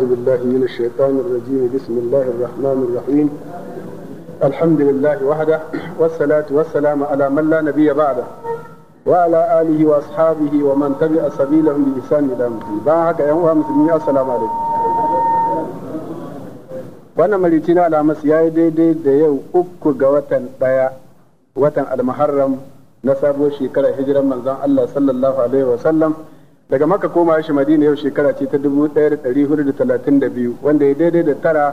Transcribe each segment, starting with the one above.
أعوذ بالله من الشيطان الرجيم بسم الله الرحمن الرحيم الحمد لله وحده والصلاة والسلام على من لا نبي بعده وعلى آله وأصحابه ومن تبع سبيلهم بإحسان إلى مسلم باعك يا مسلمين السلام عليكم wannan malici na alhamis ya yi daidai da yau uku ga watan ɗaya watan almuharram na sabuwar shekarar hijiran manzon Allah sallallahu alaihi wasallam daga maka koma shi madina yau shekara ce ta 1432 wanda ya daidai da tara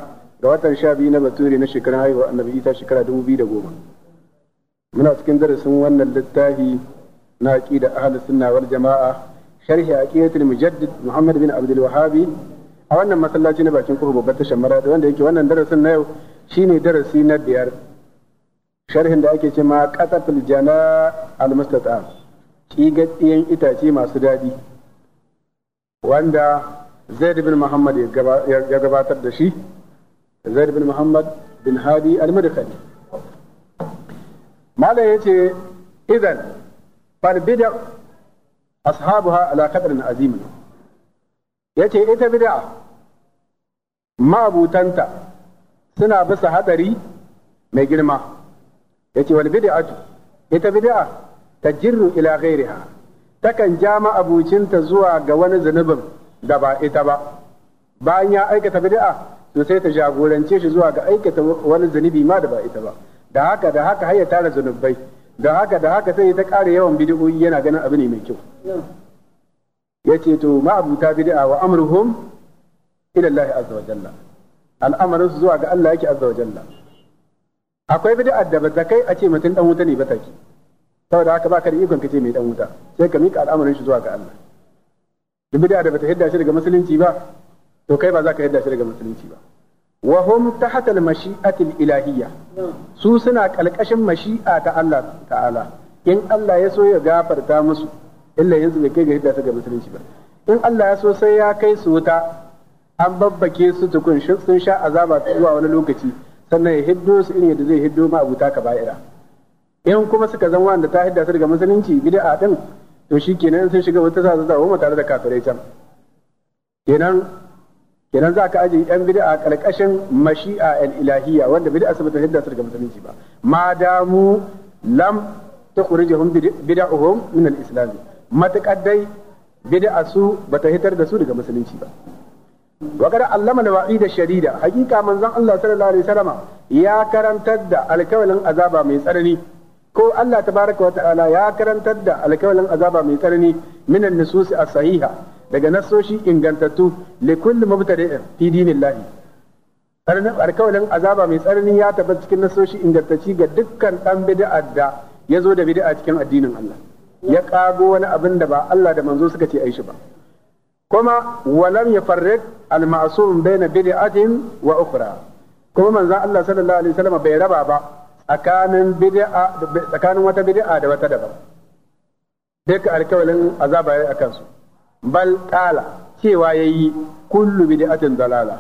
ga watan sha biyu na baturi na shekarun haihuwa annabi isa shekara 2010 muna cikin darasin wannan littafi na da ahalus sunna wal jamaa sharhi aqidatul mujaddid muhammad bin abdul wahabi a wannan masallaci na bakin kofa babbar tashar maradi wanda yake wannan darasin na yau shine darasi na biyar sharhin da ake ce ma qatatul jana al mustata'am itace masu daɗi wanda zaid bin muhammad ya gabatar da shi zaid bin muhammad bin hadi al-madkhali malam yace idan fal bid'a ashabuha ala qadrin azim yace ita bid'a ma'abutanta suna bisa hadari mai girma yace wal bid'atu ita bid'a tajirru ila ghairiha takan ja ma abucinta zuwa ga wani zunubin da ba ita ba bayan ya aikata bid'a to sai ta jagorance shi zuwa ga aikata wani zunubi ma da ba ita ba da haka da haka har ya tara zunubai da haka da haka sai ta ƙara yawan bid'o'i yana ganin abu ne mai kyau yace to ma abuta bid'a wa amruhum ila Allah azza wa jalla al'amarin su zuwa ga Allah yake azza wa jalla akwai bid'a da ba ta kai a ce mutum dan wuta ne ba take saboda haka baka da ikon kace mai dan wuta sai ka mika al'amarin shi zuwa ga Allah da bid'a da bata hidda shi daga musulunci ba to kai ba za ka hidda shi daga musulunci ba wa hum tahta al-mashi'ati al-ilahiyya su suna kalkashin mashi'a ta Allah ta'ala in Allah ya so ya gafarta musu illa yanzu bai kai ga hidda su ga musulunci ba in Allah ya so sai ya kai su wuta an babbake su tukun sun sha azaba zuwa wani lokaci sannan ya hiddo su irin yadda zai hiddo ma abuta kaba'ira in kuma suka zama wanda ta haddasa daga musulunci bid'a din to shikenan sun shiga wata sa zuwa tare da kafirai can kenan kenan za ka ajiye yan bid'a karkashin mashi'a al ilahiyya wanda bid'a su bata hidda su daga musulunci ba ma damu lam tukhrijuhum bid'ahum min al islam matuƙar dai bid'a su bata hitar da su daga musulunci ba wa kada allama da da shadida hakika manzon Allah sallallahu alaihi wasallam ya karantar da alkawalin azaba mai tsanani ko Allah tabaraka wa ta'ala ya karantar da alkawalin azaba mai tsarni minan nususi as-sahiha daga nasoshi ingantattu li kulli mubtadi'in fi dinillahi alkawalin azaba mai tsarni ya tabbata cikin nasoshi ingantacci ga dukkan dan bid'a da ya zo da bid'a cikin addinin Allah ya kago wani abin da ba Allah da manzo suka ce ai shi ba kuma walam yafarriq al-ma'sum baina bid'atin wa ukhra kuma manzon Allah sallallahu alaihi wasallam bai raba ba tsakanin bid'a tsakanin wata bid'a da wata daban duk alkawalin azaba yayi akan su bal qala cewa yayi kullu bid'atin dalala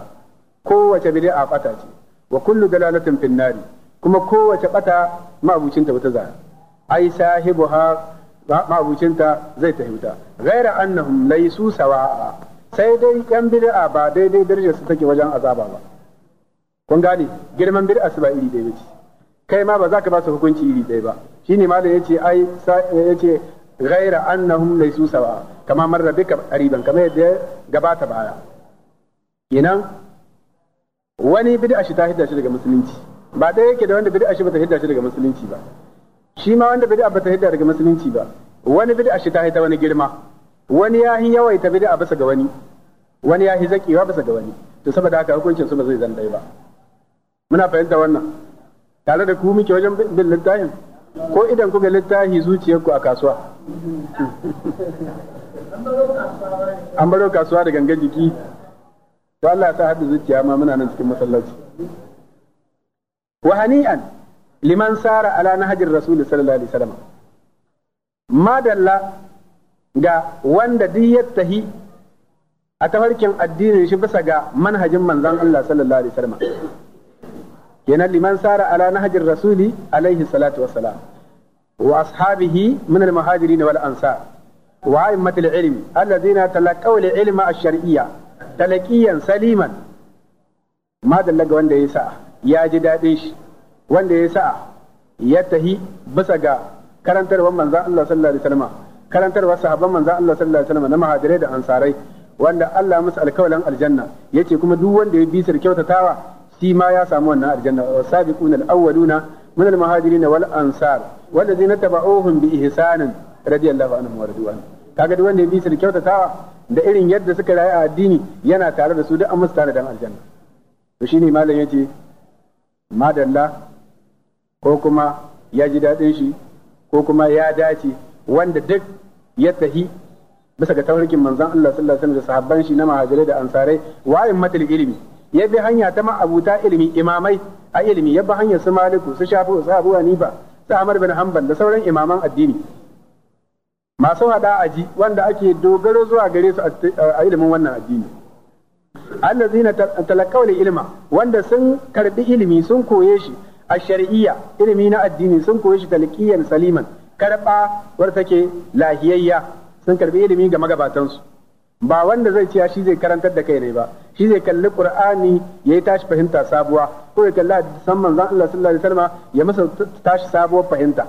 kowace bid'a bata ce wa kullu dalalatin finnari kuma kowace bata ma'abucinta wata za ai sahibuha ma'abucinta zai tahiuta ghaira annahum laysu sawa'a sai dai yan bid'a ba daidai darajar su take wajen azaba ba kun gane girman bid'a su ba iri ɗaya bace kai ma ba za ka ba su hukunci iri ɗaya ba shine malam ce ai ce ghaira annahum laysu sawa kama marra bika qariban kama yadda gabata baya kenan wani bid'a shi ta hidda shi daga musulunci ba ɗaya yake da wanda bid'a shi bata hidda shi daga musulunci ba shi ma wanda bid'a bata hidda daga musulunci ba wani bid'a shi ta hidda wani girma wani ya hi yawaita bid'a bisa ga wani wani ya hi zakiwa bisa ga wani to saboda haka hukuncin su ba zai zan ɗaya ba muna fahimta wannan tare da ku muke wajen bin littafin ko idan kuka littafi zuciyarku a kasuwa an baro kasuwa da gangan jiki to Allah ta haɗu zuciya ma muna nan cikin masallaci wa hani'an liman sara ala nahjir rasul sallallahu alaihi wasallam madalla ga wanda duk ya tahi a tafarkin addinin shi bisa ga manhajin manzon Allah sallallahu alaihi wasallam kenan liman sara ala nahjir rasuli alaihi salatu wassalam wa ashabihi min al muhajirin wal ansar wa a'immatil ilm alladhina talaqaw al ilma al shar'iyya talaqiyan saliman ma dallaga wanda ya sa ya ji dadin shi wanda ya sa ya tahi bisa ga karantarwar manzon Allah sallallahu alaihi wasallam karantarwar sahabban manzon Allah sallallahu alaihi wasallam na muhajirai da ansarai wanda Allah musu alkawalan aljanna yace kuma duk wanda ya bi sir kyautatawa shi ma ya samu wannan aljanna wa sabiquna al-awwaluna min al-muhajirin wal ansar wallazina taba'uhum bi ihsanin radiyallahu anhum wa radwan kaga duk wanda ya bi su da kyautatawa da irin yadda suka rayu a addini yana tare da su duk an musu tare da aljanna to shine malam yace madalla ko kuma ya ji daɗin shi ko kuma ya dace wanda duk ya tahi bisa ga tafarkin manzon Allah sallallahu alaihi wasallam da sahabban shi na mahajirai da ansarai wa'in matal ilimi ya bi hanya ta ma'abuta ilimi imamai a ilimi ya bi hanyar su maliku su shafi su abu hanifa su amar bin hanbal da sauran imaman addini masu hada aji wanda ake dogaro zuwa gare su a ilimin wannan addini na talakawal ilima wanda sun karbi ilimi sun koye shi a shari'iyya ilimi na addini sun koye shi talqiyan saliman karba wadda take lahiyayya sun karbi ilimi ga magabatansu ba wanda zai ce shi zai karantar da kai ne ba shi zai kalli qur'ani ya yi tashi fahimta sabuwa ko ya kalli san manzon Allah sallallahu alaihi wasallam ya masa tashi sabuwar fahimta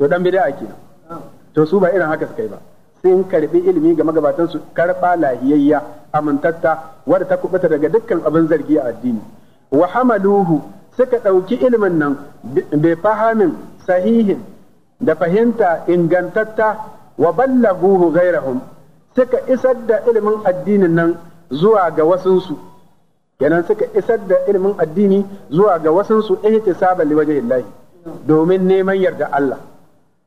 to dan bid'a kenan to su ba irin haka suka yi ba sun karbi ilimi ga magabatan su karba lahiyayya amintatta wadda ta kubuta daga dukkan abin zargi a addini wa hamaluhu suka ɗauki ilimin nan bai fahamin sahihin da fahimta ingantatta wa ballaguhu ghairahum suka isar da ilimin addinin nan zuwa ga wasansu kenan suka isar da ilimin addini zuwa ga wasunsu ihtisaban liwajhi Allah domin neman yarda Allah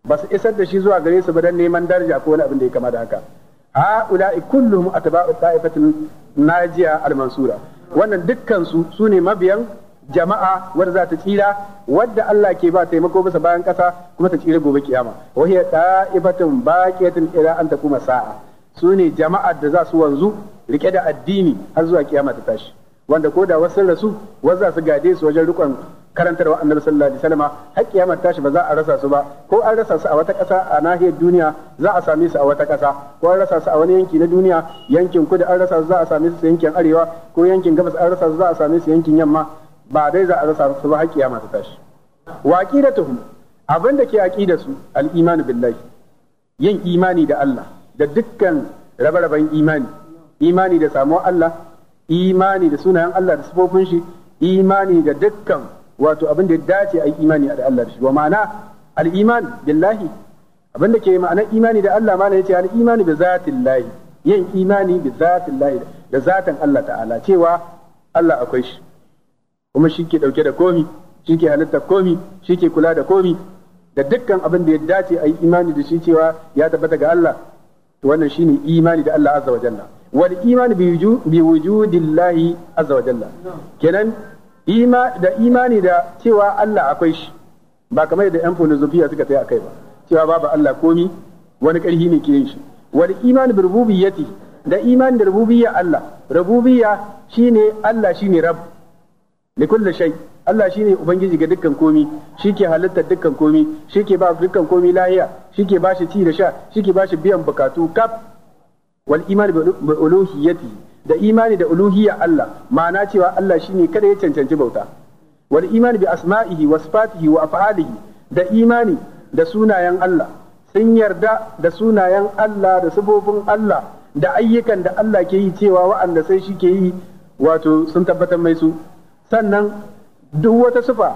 ba su isar da shi zuwa gare su ba dan neman daraja ko wani abin da ya kama da haka ha'ula'i kulluhum atba'u ta'ifatin najiya al-mansura wannan dukkan su sune mabiyan jama'a wadda za ta tsira wadda Allah ke ba taimako bisa bayan ƙasa kuma ta tsira gobe kiyama wa hiya ta'ifatun baqiyatin ila an takuma sa'a sune jama'ar da za su wanzu rike da addini har zuwa kiyama ta tashi wanda ko da wasu rasu wasu za su gade su wajen rikon wa annabi sallallahu alaihi wasallam har ta tashi ba za a rasa su ba ko an rasa su a wata kasa a nahiyar duniya za a same su a wata kasa ko an rasa su a wani yanki na duniya yankin kudu an rasa su za a same su yankin arewa ko yankin gabas an rasa su za a same su yankin yamma ba dai za a rasa su ba har kiyama ta tashi wa aqidatuhum abin da ke aqida su al iman billahi yin imani da Allah da dukkan rabe-raben imani imani da samuwar Allah imani da sunayen Allah da sifofin shi imani da dukkan wato abin da ya dace a imani da Allah da shi wa ma'ana al-iman billahi abin da ke ma'ana imani da Allah mana yace al-imani bi zatillahi yin imani bi zatillahi da zatan Allah ta'ala cewa Allah akwai shi kuma shi ke dauke da komi shi ke halitta komi shi ke kula da komi da dukkan abin da ya dace a yi imani da shi cewa ya tabbata ga Allah to wannan shine imani da Allah azza wa jalla wal imani bi wujudillahi azza wa jalla kenan da imani da cewa Allah akwai shi ba kamar yadda yan filosofiya suka tsaya akai ba cewa babu Allah komi wani ƙarfi ne ke yin shi wal imani bi rububiyyati da imani da rububiyya Allah rububiyya shine Allah shine rabb likulli shay Allah shine ubangiji ga dukkan komi shike halartar dukkan komi shike ba dukkan komi lahiya shike ba shi ci da sha shike ba shi biyan bukatu kaf wal imani bi uluhiyyati da imani da uluhiyya Allah ma'ana cewa Allah shine kada ya cancanci bauta wal imani bi asma'ihi wa sifatihi wa af'alihi da imani da sunayen Allah sun yarda da sunayen Allah da sifofin Allah da ayyukan da Allah ke yi cewa wa'anda sai shi ke yi wato sun tabbatar mai su sannan duk wata sufa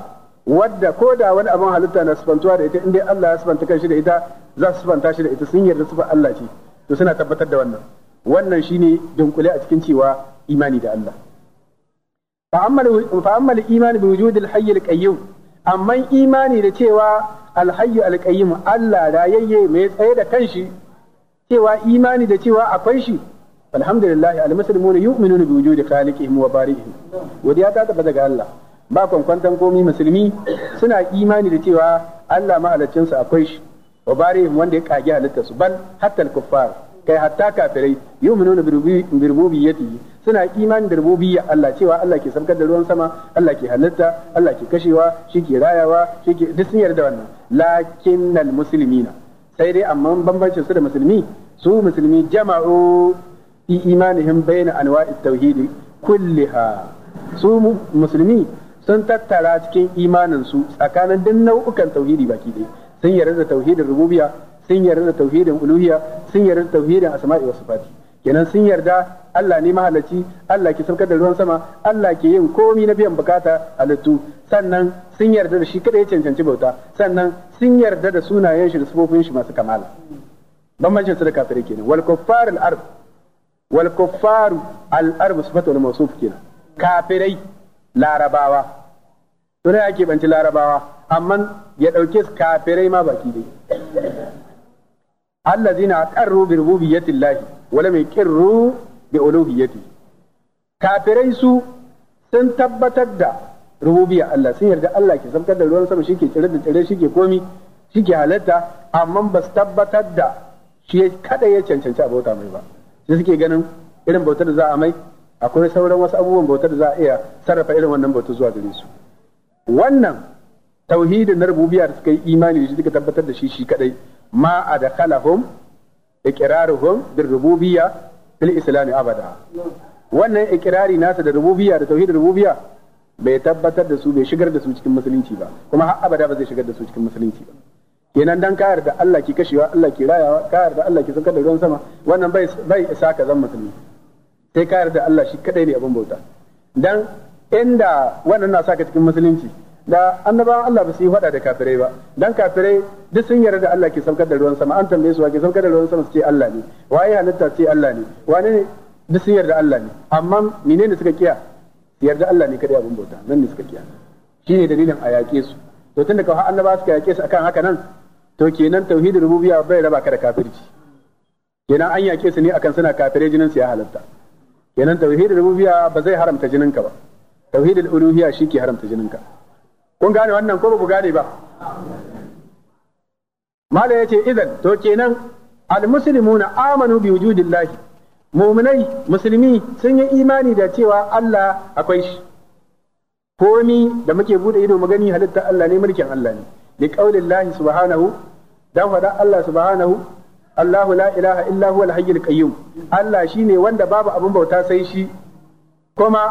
wadda ko da wani abin halitta na sufantuwa da ita inda Allah ya sufanta shi da ita za su sufanta shi da ita sun yarda sufa Allah ce to suna tabbatar da wannan wannan shine dunkule a cikin cewa imani da Allah fa amma imani bi wujud al-hayy al-qayyum amma imani da cewa al-hayy al-qayyum Allah rayayye mai tsaye da kanshi cewa imani da cewa akwai shi alhamdulillah al-muslimuna yu'minuna bi wujud khaliqihim wa bari'ihim wadiya ta tabbata ga Allah ba kwankwantan komi musulmi suna imani da cewa Allah mahalaccinsa akwai shi wa barihim wanda ya kage halitta su bal hatta kuffar kai hatta kafirai yu'minuna bi rububiyyati suna imani da rububiyya Allah cewa Allah ke saukar da ruwan sama Allah ke halitta Allah ke kashewa shi ke rayawa shi ke duk sun yarda wannan lakinnal muslimina sai dai amma bambancin su da musulmi su musulmi jama'u fi imanihim bayna anwa'it tauhid kulliha su musulmi sun tattara cikin imanin su tsakanin duk nau'ukan tauhidi baki daya sun yarda da tauhidin rububiya, sun yarda da tauhidin uluhiya, sun yarda da tauhidin asma'i wa sifati kenan sun yarda Allah ne mahalarci Allah ke saukar da ruwan sama Allah ke yin komai na biyan bukata halittu sannan sun yarda da shi kada ya cancanci bauta sannan sun yarda da sunayen shi da sifofin shi masu kamala bambancin su da kafirai kenan wal kuffar al wal kuffar al arb sifatul mawsuf kenan kafirai larabawa to ne ake banci larabawa amma ya ɗauke su kafirai ma baki dai Allah allazina qarru bi mai llahi wa lam olubi bi uluhiyyati kafirai su sun tabbatar da rububiyya Allah sun yarda Allah ke samkar da ruwan sama shike tsire da tsire shike komi ke halatta amma ba su tabbatar da shi kada ya cancanci abota mai ba sai suke ganin irin bautar da za a mai akwai sauran wasu abubuwan bautar da za a iya sarrafa irin wannan bautar zuwa gare su wannan tauhidin na rububiyya da suka yi imani da shi suka tabbatar da shi shi kadai ma adkhalahum iqraruhum da rububiya fil islam abada wannan iqrari nasa da rububiya da tauhidin rububiya bai tabbatar da su bai shigar da su cikin musulunci ba kuma har abada ba zai shigar da su cikin musulunci ba kenan dan ka yarda Allah ki kashewa Allah ki rayawa ka yarda Allah ki saukar da ruwan sama wannan bai bai isa ka zan musulmi sai ka yarda Allah shi kadai ne abin bauta dan inda wannan na saka cikin musulunci da annabawan Allah ba su yi faɗa da kafirai ba dan kafirai duk sun yarda da Allah ke saukar da ruwan sama an tambaye su wa ke saukar da ruwan sama su ce Allah ne waye halitta ce Allah ne wane ne duk sun yarda Allah ne amma menene suka kiya yarda Allah ne kadai abun bauta nan ne suka kiya shine dalilin a yaƙe su to tunda ka annabawa suka yaƙe su akan haka nan to kenan tauhidin rububiyya bai raba ka da kafirci kenan an yaƙe su ne akan suna kafirai jinin su ya halatta kenan tauhidin rububiyya ba zai haramta jininka ba tauhidul uluhiyya shi ke haramta jininka kun gane wannan ko ba ku gane ba mala yace idan to kenan na amanu bi wujudillahi mu'minai musulmi sun yi imani da cewa Allah akwai shi komi da muke bude ido mu gani halitta Allah ne mulkin Allah ne li qaulillahi subhanahu dan fada Allah subhanahu Allahu la ilaha illa huwa al-hayyul qayyum Allah shine wanda babu abin bauta sai shi kuma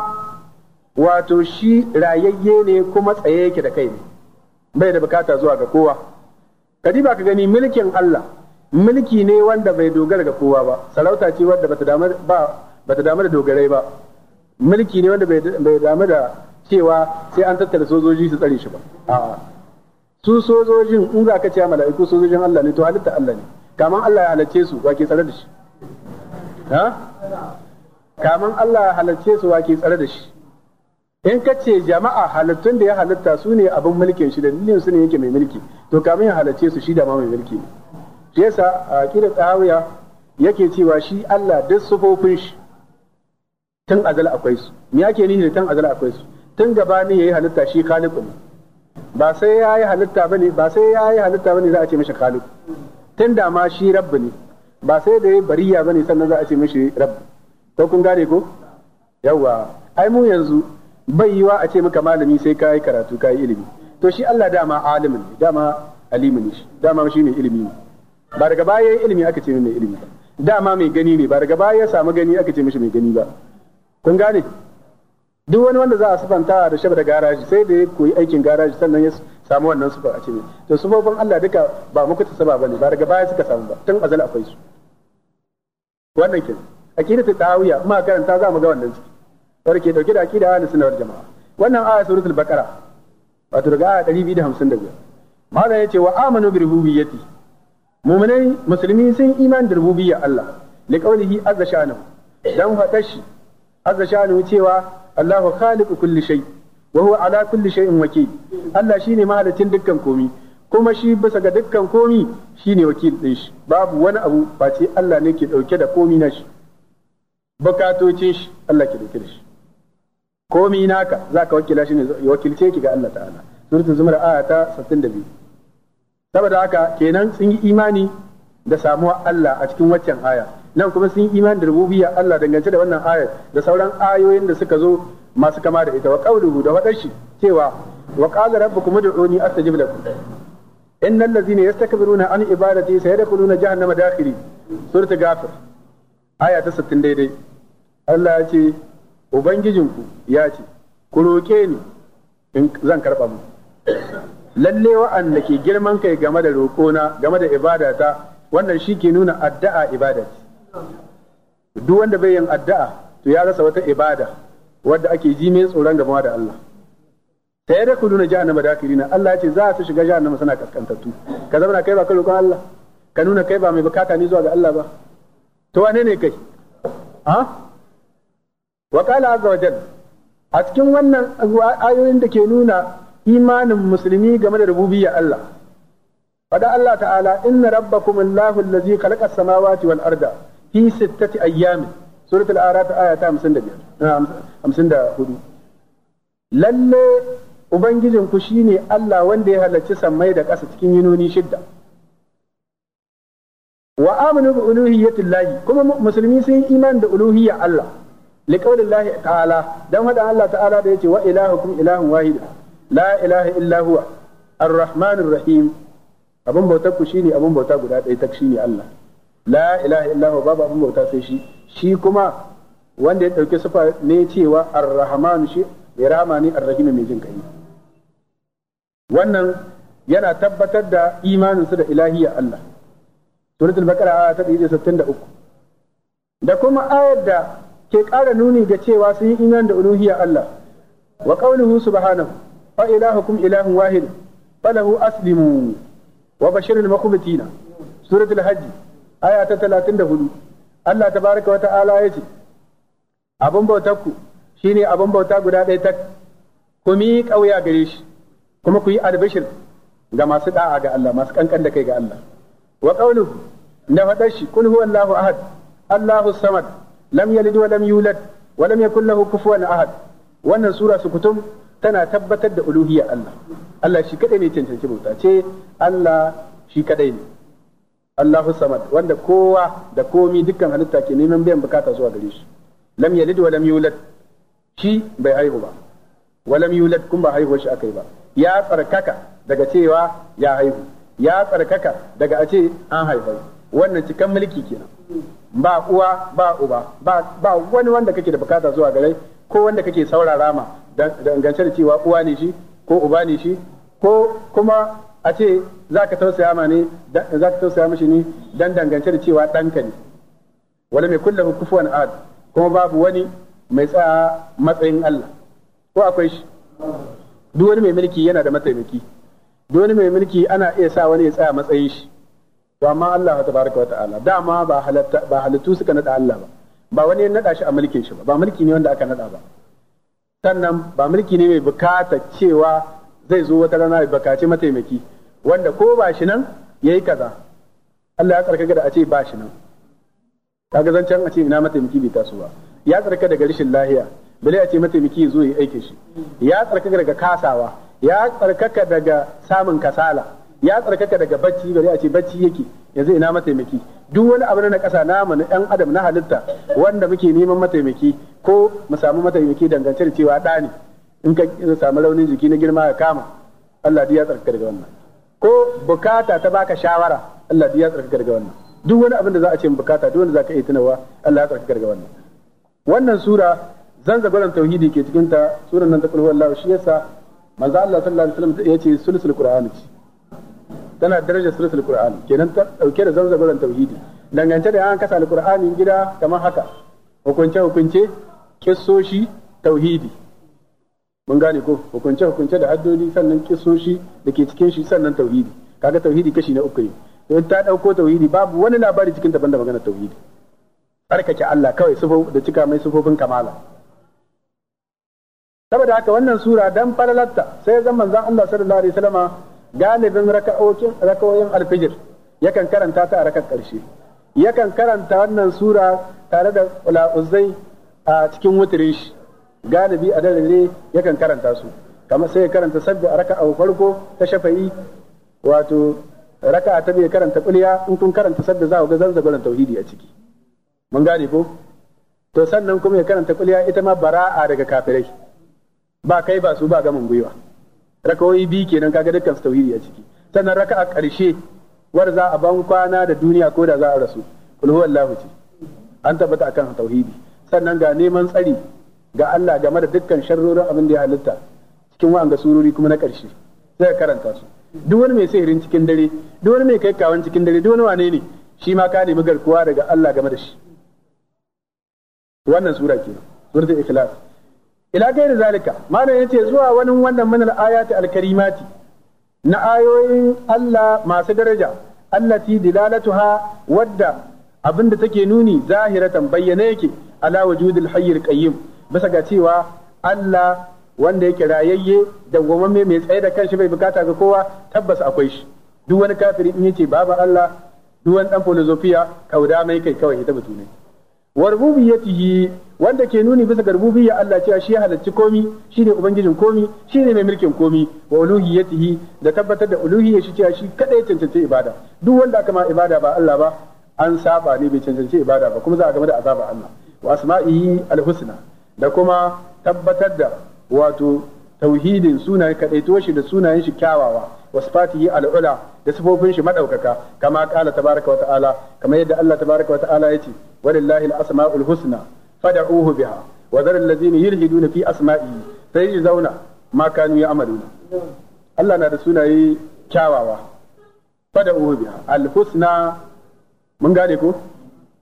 wato shi rayayye ne kuma tsaye yake da kai ne bai da bukata zuwa ga kowa kadiba ka gani mulkin Allah mulki ne wanda bai dogara ga kowa ba sarauta ce wanda bata damu ba bata damu da dogarai ba mulki ne wanda bai damu da cewa sai an tattara sojoji su tsare shi ba su sojojin in za ka ce mala'iku sojojin Allah ne to halitta Allah ne kaman Allah ya halarce su wa ke tsare da shi ha kaman Allah ya halacce su wa ke tsare da shi in ka ce jama'a halittun da ya halitta su ne abin mulkin shi da nilin su ne yake mai mulki to kamin ya halarce su shi da ma mai mulki ne shi yasa a kira tsawiya yake cewa shi Allah duk sufofin shi tun azal akwai su me yake nihi da tun azal akwai su tun gaba ne yayi halitta shi khaliqu ne ba sai yayi halitta bane ba sai yayi halitta bane za a ce mishi khaliqu tun da ma shi rabbi ne ba sai da yayi bariya bane sannan za a ce mishi rabbi ko kun gane ko yawa ai mu yanzu bai yiwa a ce maka malami sai ka yi karatu ka yi ilimi to shi Allah dama alimin ne dama alimin ne shi dama shi ne ilimi ne ba daga baya ilimi aka ce mai ilimi ba dama mai gani ne ba daga baya ya samu gani aka ce mishi mai gani ba kun gane duk wani wanda za a sufanta da shafa da garaji sai da ya koyi aikin garaji sannan ya samu wannan sufa a ce mai to sufofin Allah duka ba muku ta saba bane ba daga baya suka samu ba tun azal akwai su wannan kenan aqidatu tawiya ma karanta za mu ga wannan ciki wanda ke dauke da akida ahlus sunna wal jamaa wannan aya suratul baqara wato daga aya 255 malam yace wa amanu bi rububiyyati mu'minai musulmi sun imani da rububiyyar Allah li qawlihi azza dan fadar shi azza shanu cewa Allahu khaliqu kulli shay wa huwa ala kulli shay'in wakil Allah shine mahalicin dukkan komi kuma shi bisa ga dukkan komi shine wakil din shi babu wani abu face Allah ne ke dauke da komi na shi bukatocin shi Allah ke dauke da shi komi naka ka wakila shi ne ya wakilce ki ga Allah ta'ala suratul zumar aya ta 62 saboda haka kenan sun yi imani da samuwa Allah a cikin waccan aya nan kuma sun yi imani da rububiyya Allah dangance da wannan aya da sauran ayoyin da suka zo masu kama da ita wa qawluhu da wadar shi cewa wa qala rabbukum ud'uni astajib lakum innal ladzina yastakbiruna an ibadati sayadkhuluna jahannama dakhiri suratul ghafir aya ta 60 daidai Allah ya ce ubangijinku ya ce ku roƙe ni in zan karɓa mu lalle wa'anda ke girman kai game da roƙona game da ibadata wannan shi ke nuna addu'a ibada ce duk wanda bai yin addu'a to ya rasa wata ibada wadda ake ji mai tsoron gaba da Allah Ta ku nuna jihar nama da na? Allah ya ce za su shiga jihar nama suna kaskantattu ka zama kai ba ka roƙon Allah ka nuna kai ba mai bukata ne zuwa ga Allah ba to wane ne kai ha ah? wa ga azza a cikin wannan ayoyin da ke nuna imanin musulmi game da rububiyya Allah fada Allah ta'ala inna rabbakum allahu allazi khalaqa as-samawati wal arda fi sittati ayyamin suratul araf aya ta 54 lalle ubangijin ku shine Allah wanda ya halarci sammai da ƙasa cikin yinoni shidda wa amanu bi uluhiyyatillahi kuma musulmi sun iman da uluhi uluhiyya Allah liqaulillahi ta'ala dan hada Allah ta'ala da yace wa ilahukum ilahun wahid la ilaha illa huwa rahim abun bautar ku shine abun bauta guda ɗaya tak shine Allah la ilaha illa babu abun bauta sai shi shi kuma wanda ya dauke sufa ne cewa arrahman shi ne arrahim mai jin wannan yana tabbatar da imanin su da ilahiyya Allah da kuma ayar da ke ƙara nuni ga cewa sun yi iman da uluhiyar Allah wa qawluhu subhanahu fa ilahukum ilahun wahid falahu aslimu wa bashirul mukhbitina suratul hajj aya ta 34 Allah tabaraka wa ta'ala yace bautar ku shine abun bauta guda ɗaya tak ku mi ƙauya gare shi kuma ku yi albishir ga masu da'a ga Allah masu kankan da kai ga Allah wa qawluhu na faɗar shi kul huwallahu ahad Allahu samad lam yalid wa lam yulad wa lam yakul lahu kufuwan ahad wannan sura kutum tana tabbatar da uluhiyyar Allah Allah shi kadai ne cancanci bauta ce Allah shi kadai ne Allahu samad wanda kowa da komi dukkan halitta ke neman biyan bukata zuwa gare shi lam yalid wa lam yulad shi bai haihu ba wa lam yulad kun ba haihuwar shi akai ba ya tsarkaka daga cewa ya haihu ya tsarkaka daga a ce an haifa wannan cikan mulki kenan ba uwa ba uba ba wani wanda kake da bukata zuwa gare ko wanda kake saurara ma dangance da cewa uwa ne shi ko uba ne shi ko kuma a ce za ka tausaya ma ne za ka tausaya mishi ne dan dangance da cewa ɗanka ne wala mai kullahu kufuwan ad kuma babu wani mai tsaya matsayin Allah ko akwai shi duk wani mai mulki yana da mataimaki duk wani mai mulki ana iya sa wani ya tsaya matsayin shi to amma Allah baraka wa ta'ala dama ba halatta ba halittu suka nada Allah ba ba wani ya nada shi a mulkin shi ba ba mulki ne wanda aka nada ba sannan ba mulki ne mai bukata cewa zai zo wata rana ya bukaci mataimaki wanda ko ba shi nan yayi kaza Allah ya tsarkaka da a ce ba shi nan kaga zancan a ce ina mataimaki bai taso ba ya tsarkaka daga rashin lahiya bale a ce mataimaki zo ya aike shi ya tsarkaka daga kasawa ya tsarkaka daga samun kasala ya tsarkaka daga bacci bari a ce bacci yake yanzu ina mataimaki duk wani abu na ƙasa namu na ɗan adam na halitta wanda muke neman mataimaki ko mu samu mataimaki dangance da cewa ɗa ne in ka samu raunin jiki na girma ka kama Allah duk ya tsarkaka daga wannan ko bukata ta baka shawara Allah duk ya tsarkaka daga wannan duk wani abin da za a ce bukata duk wanda za ka iya tunawa Allah ya tsarkaka daga wannan wannan sura zanzagwaran tauhidi ke cikin ta suran nan ta kulhu Allah shi yasa manzo Allah sallallahu alaihi wasallam ya ce sulsul qur'ani tana darajar suratul qur'ani kenan ta dauke da zanzabaran tauhidi dangance da an kasa alqur'ani gida kamar haka hukunce hukunce kissoshi tauhidi mun gane ko hukunce hukunce da addoli sannan kissoshi da ke cikin shi sannan tauhidi kaga tauhidi kashi na uku ne to ta dauko tauhidi babu wani labari cikin daban da magana tauhidi barkake Allah kawai sufo da cika mai sufofin kamala saboda haka wannan sura dan faralarta sai zaman zama manzon Allah sallallahu alaihi wasallama galibin raka'o'in alfijir yakan karanta ta a rakar ƙarshe yakan karanta wannan sura tare da la'uzai a cikin wutirin shi galibi a dalile yakan karanta su kamar sai ya karanta sabbi a raka'a farko ta shafa'i wato raka'a ta bai karanta kulya in kun karanta sabbi za ku ga zanzabaran tauhidi a ciki mun gane ko to sannan kuma ya karanta kulya ita ma bara'a daga kafirai ba kai ba su ba gamin gwiwa rakawoyi biyu kenan kaga dukkan su tauhidi a ciki sannan raka a ƙarshe war za a ban kwana da duniya ko da za a rasu kul huwallahu ce an tabbata akan tauhidi sannan ga neman tsari ga Allah game da dukkan sharrorin abin da ya halitta cikin wa'anga sururi kuma na ƙarshe sai karanta su duk wani mai sihirin cikin dare duk wani mai kai kawan cikin dare duk wani wane ne shi ma ka nemi garkuwa daga Allah game da shi wannan sura kenan suratul ikhlas ila gairi zalika malam ce zuwa wani wannan min aya ayati alkarimati na ayoyin Allah masu daraja allati dilalatuha wadda abinda take nuni zahiratan bayyana yake ala wujudil hayyil qayyim bisa ga cewa Allah wanda yake rayayye dawwamamme mai tsaye da kanshi bai bukata ga kowa tabbas akwai shi duk wani kafiri in yace babu Allah duk wani dan filosofiya kauda mai kai kawai ita batu ne wanda ke nuni bisa ga rububiyya Allah cewa shi ya halarci komi shine ubangijin komi shine mai mulkin komi wa uluhiyatihi da tabbatar da uluhiyya shi cewa shi kada cancanci ibada duk wanda aka ma ibada ba Allah ba an saba ne bai cancanci ibada ba kuma za a game da azaba Allah wa asma'ihi alhusna da kuma tabbatar da wato tauhidin sunaye kadaito shi da sunayen shi kyawawa wa sifatihi al'ula da sifofin shi madaukaka kama kala tabaraka wa ta'ala kamar yadda Allah tabaraka wa ta'ala yace walillahi al-asma'ul husna fada'uhu biha wa zar allazina yulhiduna fi asma'i sai zauna ma kanu ya'maluna Allah na da sunaye kyawawa fada'uhu biha al-husna mun gane ko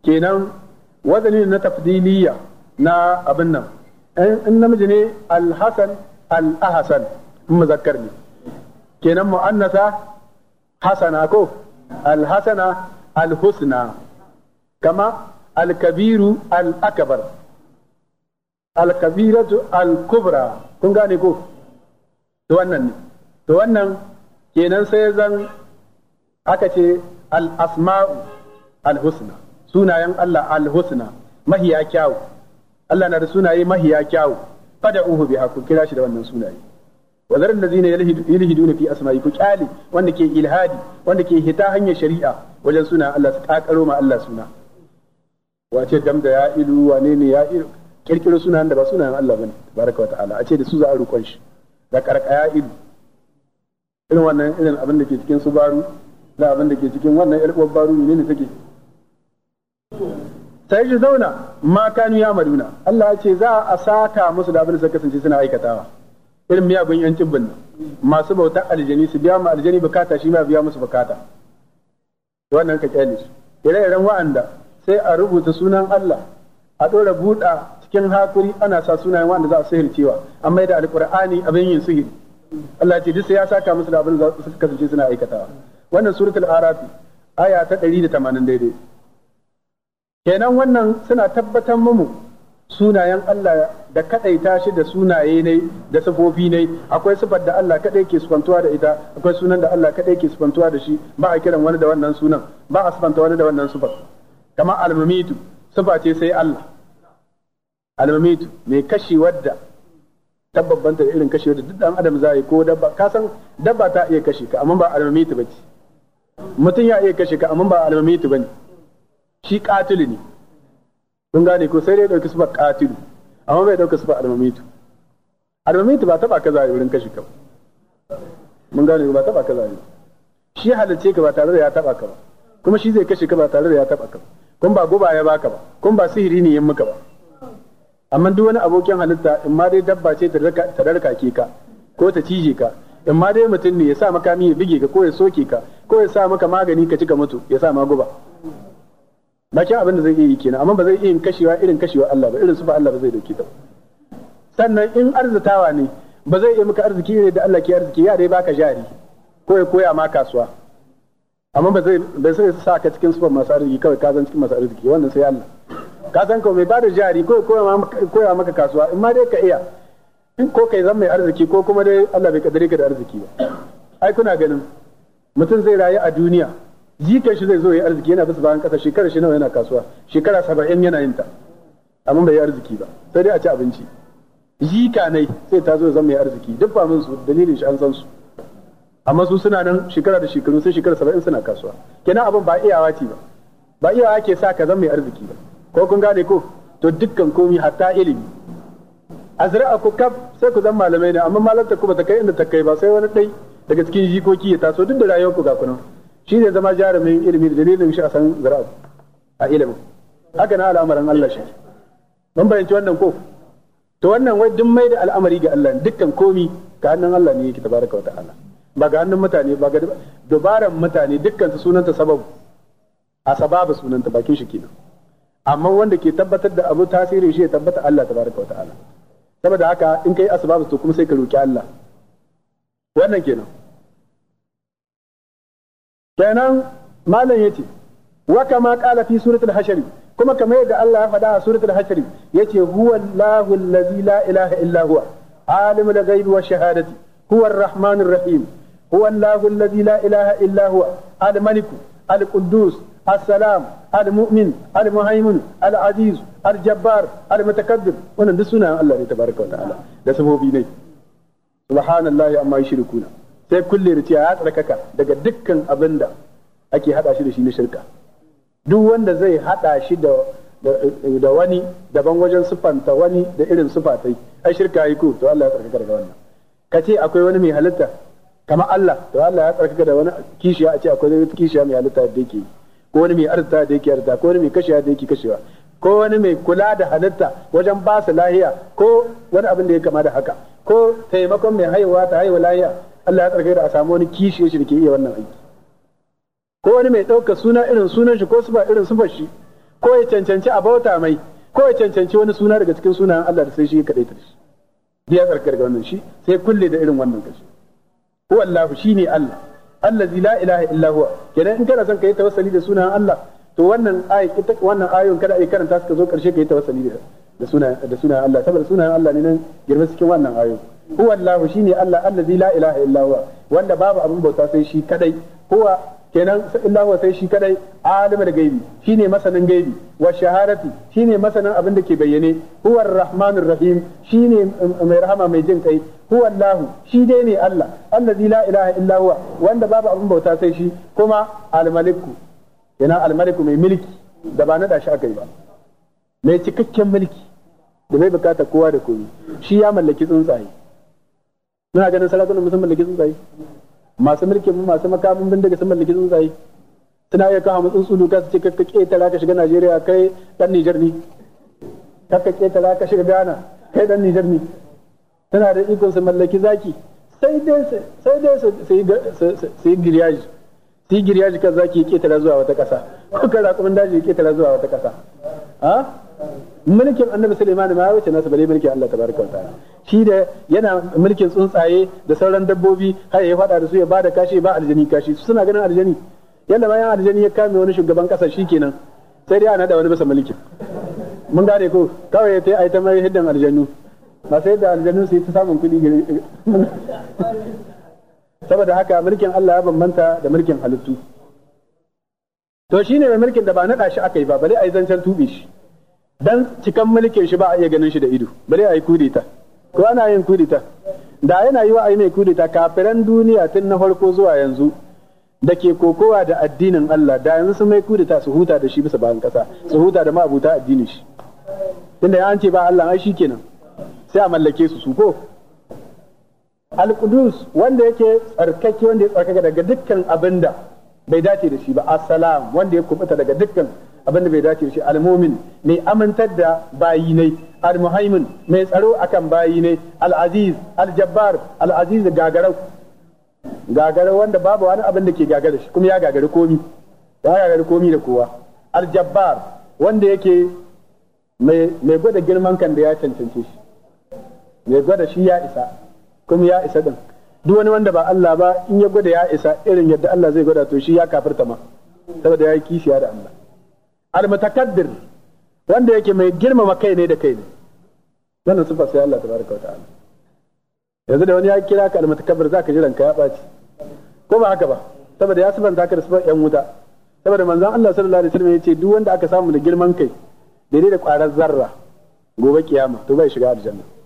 kenan wazani na tafdiliya na abin nan in namiji ne al-hasan al-ahsan muzakkar ne kenan mu'annasa hasana ko al-hasana al-husna kama alkabiru al'akabar alkabiratu al-kubra kun gane ko to wannan kenan sai zan aka ce al-asma'u al-husna sunayen Allah al-husna mahiya kyawu Allah na da sunaye mahiya kyawu fada uhu biha ku kira shi da wannan sunaye wa zarar da zina yulhiduna fi asma'i ku wanda ke ilhadi wanda ke hita hanyar shari'a wajen suna Allah su ma Allah suna wace dam da ya ilu wane ne ya ilu kirkiro suna da ba yin Allah bane tabaraka wa ta'ala a ce da su za a rukon shi da karka ya ilu irin wannan irin abin da ke cikin su baru da abin da ke cikin wannan yar uwar baru ne ne take sai shi zauna ma kanu ya maduna Allah ya ce za a saka musu da abin da suka kasance suna aikatawa irin miyagun yan cibbin nan masu bautar aljani su biya ma aljani bukata shi ma biya musu bukata wannan ka kyale su ire-iren wa'anda sai a rubuta sunan Allah a ɗora buɗa cikin hakuri ana sa sunayen wanda za a cewa amma da alƙur'ani abin yin sihiri Allah ce duk sai ya saka musu da abin da suka kasance suna aikatawa wannan suratul arafi aya ta ɗari 180 daidai kenan wannan suna tabbatar mu sunayen Allah da kadaita shi da sunaye ne da sifofi ne akwai sifar da Allah kadai ke sufantuwa da ita akwai sunan da Allah kadai ke sufantuwa da shi ba a kiran wani da wannan sunan ba a sufanta wani da wannan sifar kama almamitu sufa ce sai Allah almamitu mai kashi wadda tabbabanta da irin kashi wadda duk dan adam zai ko dabba ka san dabba ta iya kashi ka amma ba almamitu bace mutum ya iya kashi ka amma ba almamitu bane shi katili ne kun gane ko sai dai dauki sufa katilu amma bai dauka sufa almamitu almamitu ba taba ka zai wurin kashi ka mun gane ba taba ka zai shi halarce ka ba tare da ya taba ka ba kuma shi zai kashe ka ba tare da ya taba ka ba kun ba guba ya baka ba kun ba sihiri ne yin maka ba amma duk wani abokin halitta in ma dai dabba ce ta darka ke ka ko ta cije ka in ma dai mutum ne ya sa makami ya bige ka ko ya soke ka ko ya sa maka magani ka cika mutu ya sa ma guba bakin abin da zai iya yi kenan amma ba zai iya kashewa irin kashewa Allah ba irin su ba Allah ba zai dauke ta sannan in arzitawa ne ba zai iya maka arziki ne da Allah ke arziki ya dai baka jari ko ya koya ma kasuwa amma ba zai ba zai sa ka cikin sufan masu arziki kawai ka zan cikin masu arziki wannan sai Allah ka san ko mai ba da jari ko ya maka kasuwa in ma dai ka iya in ko kai zan mai arziki ko kuma dai Allah bai kadare ka da arziki ba ai kuna ganin mutum zai rayu a duniya jikin shi zai zo ya arziki yana bisa bayan kasa shekara shi nawa yana kasuwa shekara saba'in yana yin ta amma bai yi arziki ba sai dai a ci abinci jika ne sai ta zo zan mai arziki duk ba mun su dalilin shi an san su amma su suna nan shekara da shekaru sai shekara saba'in suna kasuwa kenan abin ba iyawa ce ba ba iyawa ke sa ka zama mai arziki ba ko kun gane ko to dukkan komi hatta ilimi azra'a ku kaf sai ku zama malamai ne amma malamta ku ba ta kai inda ta kai ba sai wani dai daga cikin jikoki ya taso duk da rayuwar ku ga kuna shi ne zama jarumin ilimi da dalilin shi a san zira'a a ilimin haka na al'amarin Allah shi mun bayanci wannan ko to wannan wai duk mai da al'amari ga Allah dukkan komi ga hannun Allah ne yake tabaraka wa ta'ala ba ga hannun mutane ba ga dubaran mutane dukkan su sunanta sababu a sababu sunanta bakin shi kenan amma wanda ke tabbatar da abu tasirin shi ya tabbata Allah tabaraka wata'ala saboda haka in kai asbabu to kuma sai ka roki Allah wannan kenan kenan malam yace wa kama qala fi suratul hashri kuma kamar yadda Allah ya faɗa a suratul hashri yace huwallahu allazi la ilaha illa huwa alimul ghaibi wash shahadati huwa ar-rahmanur rahim هو الله الذي لا إله إلا هو الملك القدوس السلام المؤمن المهيمن العزيز الجبار المتكبر wannan duk sunayen Allah ne tabaraka wa ta'ala da sabobi ne subhanallahi amma yushrikuna sai kulle da ya tsarkaka daga dukkan abin da ake hada shi da shi na shirka duk wanda zai hada shi da da wani daban wajen siffanta wani da irin sifatai ai shirka yi ko to Allah ya tsarkaka daga wannan kace akwai wani mai halitta kama Allah to Allah ya tsarkaka da wani kishiya a ce akwai wani kishiya mai halitta da yake ko wani mai arzuta da yake arzuta ko wani mai kashiya da yake kashewa ko wani mai kula da halitta wajen ba su lahiya ko wani abin da ya kama da haka ko taimakon mai haihuwa ta haihuwa lahiya Allah ya tsarkaka da a samu wani kishiya shi da ke iya wannan aiki ko wani mai ɗauka suna irin sunan shi ko sufa irin sufar shi ko ya cancanci a bauta mai ko ya cancanci wani suna daga cikin sunayen Allah da sai shi ya kaɗaita da shi biya tsarkar ga wannan shi sai kulle da irin wannan kashi huwa Allah shine Allah allazi la ilaha illa kenan in kana son kai tawassali da sunan Allah to wannan ayi kada ai karanta suka zo karshe kai tawassali da da sunan da sunan Allah saboda sunan Allah ne na girma cikin wannan ayoyi huwa Allah shine Allah allazi la ilaha illa wanda babu abin bauta sai shi kadai huwa kenan illa huwa sai shi kadai alimu da gaibi shine masanin gaibi wa shahadati shine masanin abin da ke bayyane huwa rahmanur rahim shine um, um, mai rahama mai jin kai huwa Allah shi dai ne Allah allazi la ilaha illa huwa wanda babu abun bauta sai shi kuma al-maliku yana al-maliku mai mulki da ba da shi akai ba mai cikakken mulki da bai bukata kowa da kowa shi ya mallaki tsuntsaye muna ganin salatunan sun mallaki tsuntsaye masu mulkin mu masu makamin bindiga sun mallaki tsuntsaye suna iya kawo mu tsuntsu duka su ce kakka ketara ka shiga Najeriya kai dan Nijar ne kakka ketara ka shiga Ghana kai dan Nijar ne tana da ikon su mallaki zaki sai dai su yi giryaji su yi giryaji kan zaki ya ketara zuwa wata ƙasa ko kan raƙumin daji ya ketara zuwa wata ƙasa ha mulkin annabi Sulaiman ma wuce nasu bale mulkin Allah tabaraka wa ta'ala shi da yana mulkin tsuntsaye da sauran dabbobi har ya faɗa da su ya bada kashi ba aljani kashi suna ganin aljani ma yan aljani ya kame wani shugaban ƙasa shikenan sai dai ana da wani bisa mulkin mun gane ko kawai ya ta yi ta mai hiddan aljanu masu yadda aljanu su yi ta samun kuɗi saboda haka mulkin Allah ya bambanta da mulkin halittu to shine mai mulkin da ba naɗa shi aka yi ba bale a yi zancen tuɓe shi dan cikan mulkin shi ba a iya ganin shi da ido bale a yi kudita ko ana yin kudita da yana yi wa a yi mai kudita kafiran duniya tun na farko zuwa yanzu da ke kokowa da addinin Allah da yanzu sun mai kudita su huta da shi bisa bayan kasa su huta da ma'abuta addinin shi tunda ya an ce ba Allah ai shi kenan sai a mallake su su ko al-qudus wanda yake tsarkake wanda ya tsarkake daga dukkan abinda bai dace da shi ba assalam wanda ya kubuta daga dukkan abinda bai dace da shi al-mumin mai amintar da bayi ne al-muhaimin mai tsaro akan bayi ne al-aziz al-jabbar al-aziz gagarau gagarau wanda babu wani abin da ke gagara shi kuma ya gagari komi ya gagari komi da kowa al-jabbar wanda yake mai gwada girman kan da ya cancance shi ya gwada shi ya isa kuma ya isa din duk wani wanda ba Allah ba in ya gwada ya isa irin yadda Allah zai gwada to shi ya kafirta ma saboda ya yi kishiya da Allah al-mutakaddir wanda yake mai girmama kai ne da kai ne wannan sifa sai Allah tabaraka wa ta'ala yanzu da wani ya kira ka al-mutakabbir zaka ji ranka ya baci ko ba haka ba saboda ya sifanta ka da sifan yan wuta saboda manzon Allah sallallahu alaihi wasallam yace duk wanda aka samu da girman kai daidai da kwarar zarra gobe kiyama to bai shiga aljanna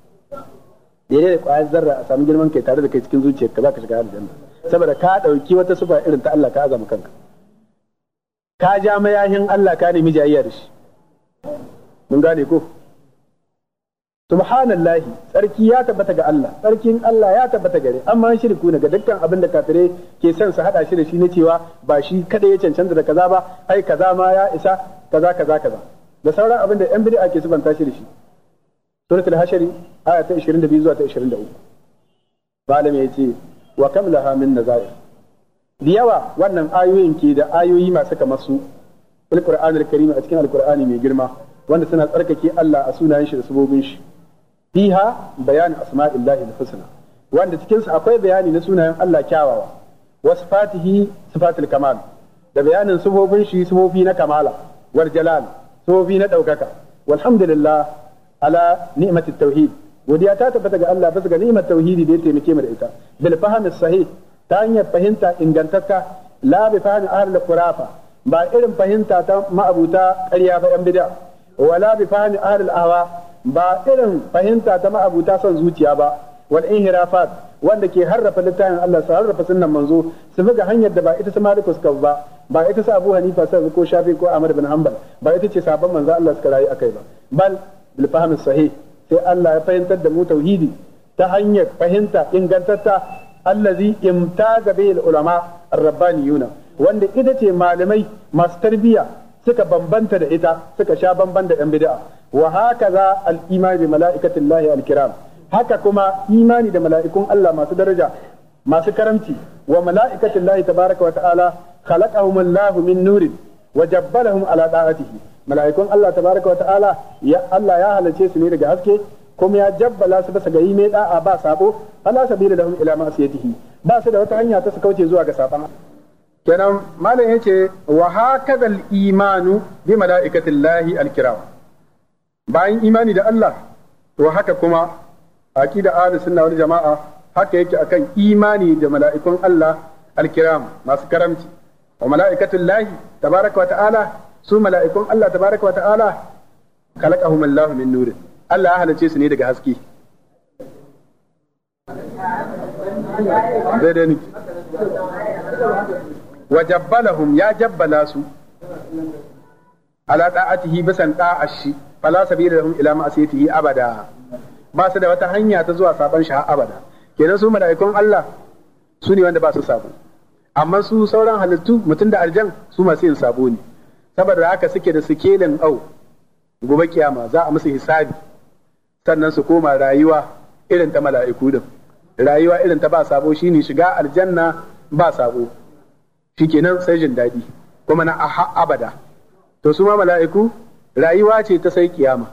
daidai da kwayar zarra a samu girman kai tare da kai cikin zuciyarka za ka shiga aljanna saboda ka dauki wata sufa irin ta Allah ka azama kanka ka ja mayahin Allah ka nemi jayayya da shi mun gane ko subhanallahi tsarki ya tabbata ga Allah tsarkin Allah ya tabbata gare amma an shirku ne ga dukkan abin da kafirai ke son su hada shi da shi na cewa ba shi kada ya cancanta da kaza ba ai kaza ma ya isa kaza kaza kaza da sauran abin da yan bid'a ke subanta shi da shi suratul hashari aya ta 22 zuwa ta 23 malam ya ce wa kam laha min nazair da yawa wannan ayoyin ke da ayoyi masu kamarsu, su alqur'an alkarim a cikin alqur'ani mai girma wanda suna tsarkake Allah a sunayen shi da subobin shi fiha bayan asma'illahi al-husna wanda cikin su akwai bayani na sunayen Allah kyawawa wa sifatihi sifatul kamal da bayanin sifofin shi sifofi na kamala wal jalal sifofi na daukaka walhamdulillah ala ni'matit tauhidi godiya ta tabbata ga Allah bisa ga ni'mat tauhidi da ya taimake mu da ita bil fahmi sahih ta hanyar fahimta ingantaka la bi fahmi ba irin fahimta ta ma'abuta ƙarya ba yan bid'a wala bi fahmi ahlul awa ba fahimta ta ma'abuta son zuciya ba hira fat wanda ke harrafa littafin Allah su harrafa manzo su buga hanyar da ba ita su malikus kan ba ba ita su Abu Hanifa sai ko Shafi ko Ahmad bin Hanbal ba ita ce sabon manzo Allah suka rayu akai ba bal bilfahamin fahmi sahih sai Allah ya fahimtar da mu tauhidi ta hanyar fahimta ingantatta allazi imtaza bil ulama ar-rabbaniyuna wanda ita ce malamai masu tarbiyya suka bambanta da ita suka sha bamban da yan bid'a wa hakaza al-imani bi al-kiram haka kuma imani da mala'ikun Allah masu daraja masu karamci wa malaikatillahi tabaraka wa ta'ala khalaqahum Allahu min nurin wa jabbalahum ala ta'atihi mala'ikun Allah tabaraka wa ta'ala ya Allah ya halice su ne daga haske kuma ya jabbala su bisa ga yi mai da'a ba sabo ala sabila lahum ila ma'siyatihi ba su da wata hanya ta su kauce zuwa ga saban kenan malam yace wa hakadha al-imanu bi mala'ikatillahi al-kiram bayan imani da Allah to haka kuma aqida ahlus sunna wal jama'a haka yake akan imani da mala'ikun Allah al-kiram masu karamci wa mala'ikatullahi tabaraka wa ta'ala su mala'ikun Allah ta baraka wa ta'ala khalaqahum Allah min nurin Allah ya halice su ne daga haske wa jabbalahum ya jabbala su ala da'atihi bisan da'ashi fala sabila lahum ila ma'asiyatihi abada ba su da wata hanya ta zuwa saban shi abada kenan su mala'ikun Allah su ne wanda ba su sabo amma su sauran halittu mutum da aljan su masu yin sabo ne saboda haka suke da sikelin au gobe kiyama za a musu hisabi sannan su koma rayuwa irin ta mala'iku din rayuwa irin ta ba sabo shine shiga aljanna ba sabo shikenan sai jin daɗi kuma na aha abada to su ma mala'iku rayuwa ce ta sai kiyama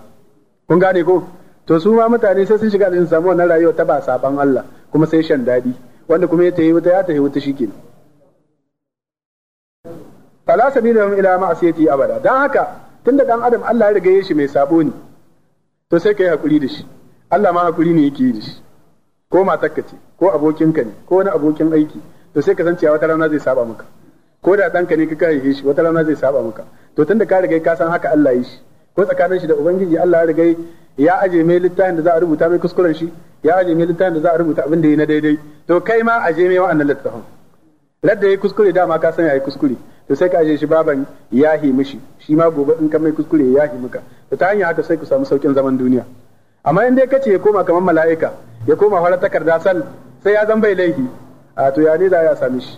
kun gane ko to su ma mutane sai sun shiga aljanna samu wannan rayuwa ta ba saban Allah kuma sai shan daɗi wanda kuma ya tafi wuta ya tafi wuta shikenan fala sabila lahum ila ma'asiyati abada dan haka tunda dan adam Allah ya riga shi mai sabo ne to sai kai hakuri da shi Allah ma hakuri ne yake yi da shi ko matarka ce ko abokinka ne ko wani abokin aiki to sai ka san cewa wata rana zai saba maka ko da ɗanka ne ka kare shi wata rana zai saba maka to tunda ka riga ka san haka Allah yi shi ko tsakanin shi da ubangiji Allah ya riga ya aje mai littafin da za a rubuta mai kuskuren shi ya aje mai littafin da za a rubuta abin da yi na daidai to kai ma aje mai wa'annan littafin ladda yayi kuskure dama ka san yayi kuskure to sai ka aje shi baban hi mishi shi ma gobe in ka mai kuskure ya hi maka to ta hanyar haka sai ku samu saukin zaman duniya amma in dai ka ce ya koma kamar mala'ika ya koma fara takarda sal sai ya zan bai laifi a to ya ne da ya sami shi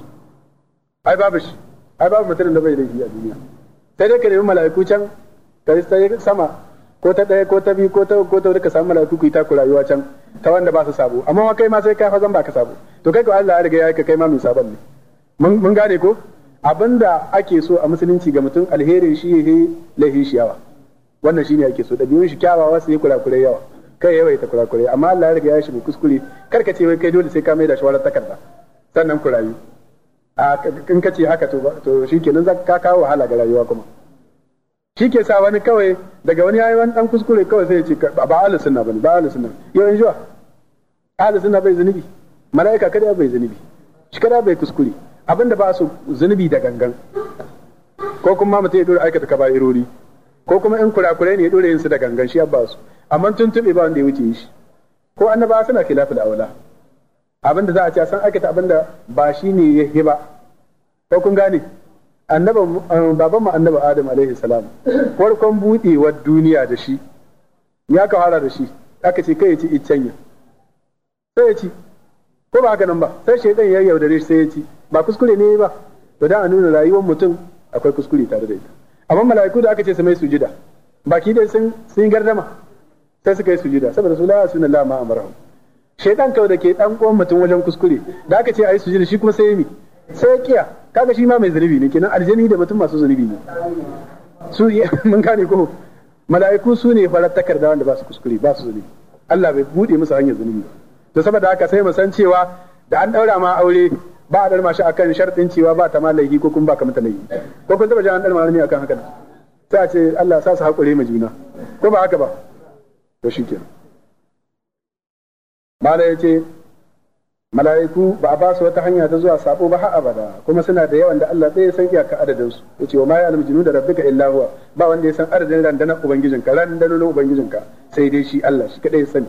ai babu shi ai babu mutumin da bai laifi a duniya sai dai ka nemi mala'iku can ka yi sama ko ta ɗaya ko ta biyu ko ta ko ta ka samu mala'iku ku yi taku rayuwa can ta wanda ba su sabo amma kai ma sai ka fa zan ba ka sabo to kai ko Allah ya riga ya kai ma mai sabon ne mun gane ko Abin da ake so a musulunci ga mutum alherin shi yayi lahi shi yawa wannan ne ake so ɗabi'un shi kyawawa yi kurakure yawa kai ta kurakure amma Allah ya riga ya shiga kuskure kar ka ce wai kai dole sai ka mai da shawarar takarda sannan ku rayu a in ka ce haka to to shikenan za ka kawo wahala ga rayuwa kuma shi ke sa wani kawai daga wani yayi wani dan kuskure kawai sai ya ce ba ahlus sunna bane ba ahlus sunna yau in jiwa ahlus sunna bai zunubi mala'ika kada bai zunubi shi kada bai kuskure abin da ba su zunubi da gangan ko kuma mutum ya dora aikata kaba'irori ko kuma in kurakurai ne ya dora yin su da gangan shi ba su amma tuntube ba wanda ya wuce shi ko annaba suna khilafin aula abin da za a ce san aikata abin da ba shi ne ya yi ba ko kun gane annaba eh, baban mu annaba adam alaihi salam farkon budewar duniya da shi ya kawara da shi aka ce kai ya ci iccen sai ya ci ko ba haka nan ba sai shaidan ya yaudare shi sai ya ci ba kuskure ne ba to da a nuna rayuwar mutum akwai kuskure tare da ita amma mala'iku da aka ce su mai sujida baki dai sun sun gardama sai suka yi sujida saboda su la'a sunan la a amarahu shaytan kawai da ke dan uwan mutum wajen kuskure da aka ce a yi sujida shi kuma sai yi sai kiya kaga shi ma mai zunubi ne kenan aljani da mutum masu zunubi ne su mun gane ko mala'iku su ne farar takarda wanda ba su kuskure ba su zunubi Allah bai bude musu hanyar zunubi to saboda haka sai mu san cewa da an daura ma aure ba a dalma shi akan sharɗin cewa ba ta ma laifi ko kuma ba ka mata laifi ko kun taba jan an ne akan haka sai a ce Allah sa su haƙuri ma juna ko ba haka ba to shikenan mala yace mala'iku ba a ba su wata hanya ta zuwa sabo ba har abada kuma suna da yawan da Allah zai san iyaka adadin su yace wa ma ya'lamu da rabbika illa huwa ba wanda ya san adadin randanar ubangijinka randanar ubangijinka sai dai shi Allah shi kadai ya sani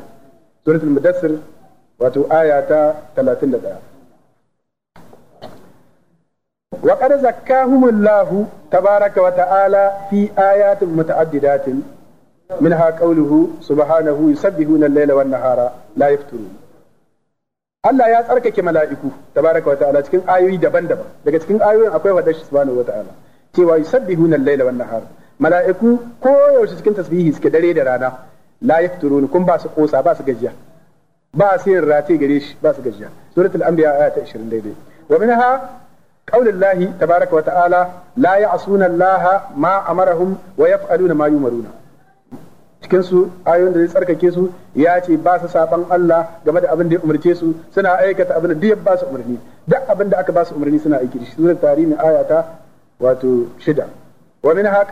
suratul mudassir wato aya ta 31 wa qad zakkahumullahu tabaraka wa ta'ala fi ayatin muta'addidatin منها قوله سبحانه يسبحون الليل والنهار لا يفترون Allah ya tsarkake mala'iku tabaraka wa ta'ala cikin ayoyi daban-daban daga cikin ayoyin akwai wadar shi subhanahu wa ta'ala cewa yusabbihuna al-laila wannan nahar mala'iku ko yaushe cikin tasbihi suke dare da rana la yafturun kun ba su kosa ba su gajiya ba su yin rate gare shi ba su gajiya suratul anbiya aya ta 20 daidai wa minha qaulul lahi baraka wa ta'ala la sunan laha ma amarahum wa yaf'aluna ma yumaruna cikin su ayoyin da zai tsarkake su ya ce ba su saban Allah game da abin da ya umarce su suna aikata abin da duk ba su umarni duk abin da aka ba su umarni suna aiki shi sunan tarihi ayata wato shida wa minha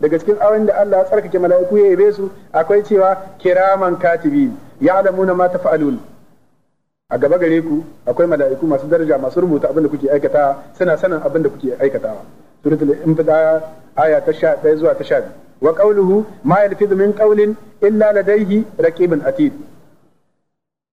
daga cikin ayoyin da Allah ya tsarkake mala'iku ya yabe su akwai cewa kiraman katibin ya'lamuna ma tafa'alun a gaba gare ku akwai mala'iku masu daraja masu rubuta abin da kuke aikata suna sanin abin da kuke aikatawa suratul infida aya ta 11 zuwa ta 12 wa qawluhu ma yalfidu min qawlin illa ladayhi raqibun atid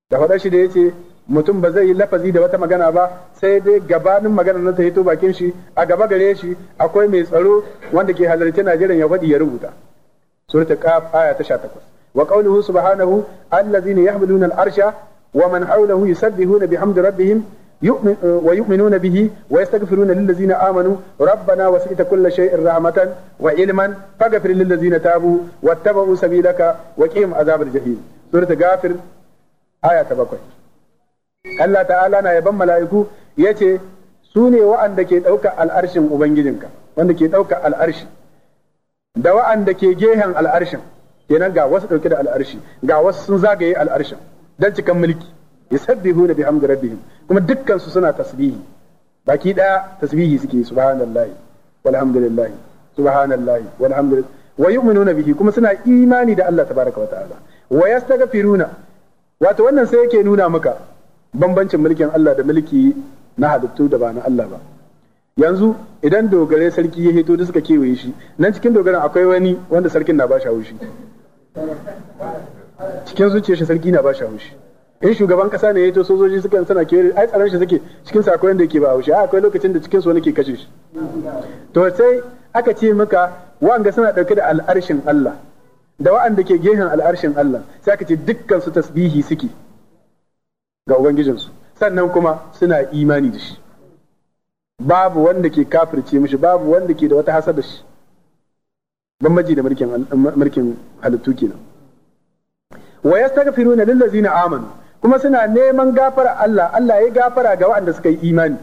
da faɗa shi da yace mutum ba zai yi lafazi da wata magana ba sai dai gabanin magana na ta hito bakin shi a gaba gare shi akwai mai tsaro wanda ke halarci Najeriya ya fadi ya rubuta suratul qaf aya ta 18 wa qawluhu subhanahu allazina yahmiluna al-arsha wa man hawlahu yusabbihuna bihamdi rabbihim ويؤمنون به ويستغفرون للذين آمنوا ربنا وسعت كل شيء رحمة وعلما فاغفر للذين تابوا واتبعوا سبيلك وقهم عذاب الجحيم سورة غافر آية تبقى Allah ta'ala na ban mala'iku ya ce su ne wa'anda ke ɗauka al'arshin Ubangijinka wanda ke ɗauka al'arshi da wa'anda ke gehen al'arshin kenan ga wasu ɗauke da al'arshi ga wasu sun zagaye al'arshin dan cikan mulki na bihamdi rabbihim kuma dukkan su suna tasbihi baki daya tasbihi suke subhanallahi walhamdulillahi subhanallahi walhamdulillahi wa yu'minuna bihi kuma suna imani da Allah tabaraka wa ta'ala wa yastaghfiruna wato wannan sai yake nuna maka bambancin mulkin Allah da mulki na halittu da ba na Allah ba yanzu idan dogare sarki ya hito da suka kewaye shi nan cikin dogaren akwai wani wanda sarkin na ba haushi cikin zuciyar shi sarki na ba shi haushi in shugaban kasa ne ya to sojoji suka sana kewaye ai tsaron shi suke cikin sa akwai wanda yake ba haushi akwai lokacin da cikin su wani ke kashe shi to sai aka ce maka wanda suna dauke da al'arshin Allah da wa'anda ke gehen al'arshin Allah sai aka ce dukkan su tasbihi suke ga ubangijin su sannan kuma suna imani da shi babu wanda ke kafirce mishi babu wanda ke da wata hasada shi ban maji da mulkin halittu kenan wa yastaghfiruna lillazina amanu kuma suna neman gafara Allah Allah ya gafara ga waɗanda suka yi imani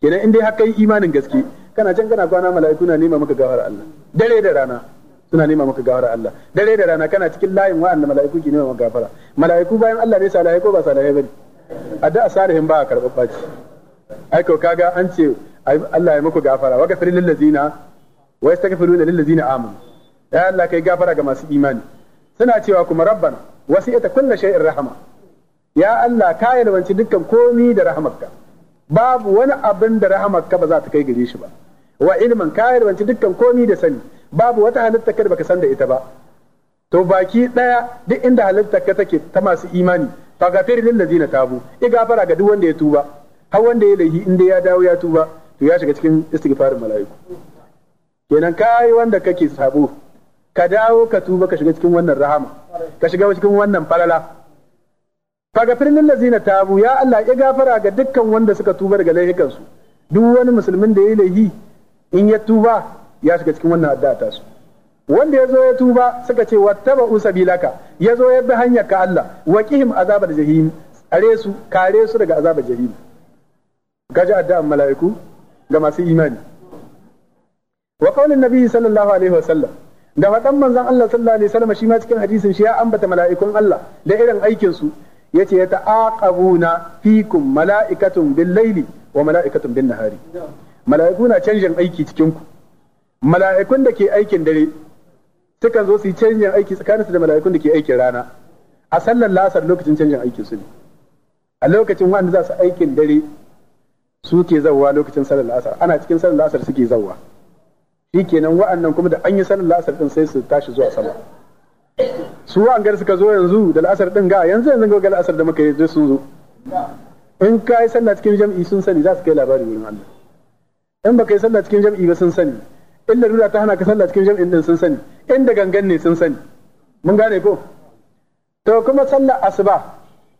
kenan in dai haka yi imanin gaske kana can kana kwana mala'iku na nema maka gafara Allah dare da rana suna nema maka gafara Allah dare da rana kana cikin layin waɗanda mala'iku ke nema maka gafara mala'iku bayan Allah ne salihai ko ba salihai bane addu'a salihin ba karɓar baci ai ko kaga an ce Allah ya muku gafara wa gafir lil ladzina wa yastaghfiruna lil ladzina amanu ya Allah kai gafara ga masu imani suna cewa kuma rabbana wasi'ata kulli shay'in rahama ya Allah ka yarwanci dukkan komi da rahamarka babu wani abin da rahamarka ba za ta kai gare shi ba wa ilmin ka yarwanci dukkan komi da sani babu wata halitta ka da baka san da ita ba to baki daya duk inda halitta ka take ta masu imani fa din lil ladina tabu i gafara ga duk wanda ya tuba har wanda ya laihi inda ya dawo ya tuba to ya shiga cikin istighfarin mala'iku kenan kai wanda kake sabo ka dawo ka tuba ka shiga cikin wannan rahama ka shiga cikin wannan falala fagafir lil ladzina tabu ya Allah ya gafara ga dukkan wanda suka tuba daga laifukan su duk wani musulmin da ya laifi in ya tuba ya shiga cikin wannan addu'a ta su wanda ya zo ya tuba suka ce wattaba usabilaka ya zo ya bi hanyar ka Allah waqihim azabar jahim are su kare su daga azabar jahim gaji addu'an mala'iku ga masu imani wa qaulin nabi sallallahu alaihi wa sallam da faɗan manzon Allah sallallahu alaihi wasallam shi ma cikin hadisin shi ya ambata mala'ikun Allah da irin aikin su yace ya ta'aqabuna fikum mala'ikatun bil laili wa mala'ikatun bin nahari mala'iku na canjin aiki cikin ku mala'ikun da ke aikin dare sukan zo su yi canjin aiki tsakaninsu da mala'ikun da ke aikin rana a sallar lasar lokacin canjin aikin su ne a lokacin wanda za su aikin dare suke zawwa lokacin sallar lasar ana cikin sallar lasar suke zawwa shikenan wa'annan kuma da an yi sanin la'asar din sai su tashi zuwa sama su wa'an suka zo yanzu da la'asar din ga yanzu yanzu ga la'asar da muka yi sun zo in ka yi sallah cikin jam'i sun sani za su kai labari wurin Allah in baka yi sallah cikin jam'i ba sun sani in larura ta hana ka sallah cikin jam'in din sun sani in da gangan ne sun sani mun gane ko to kuma sallar asuba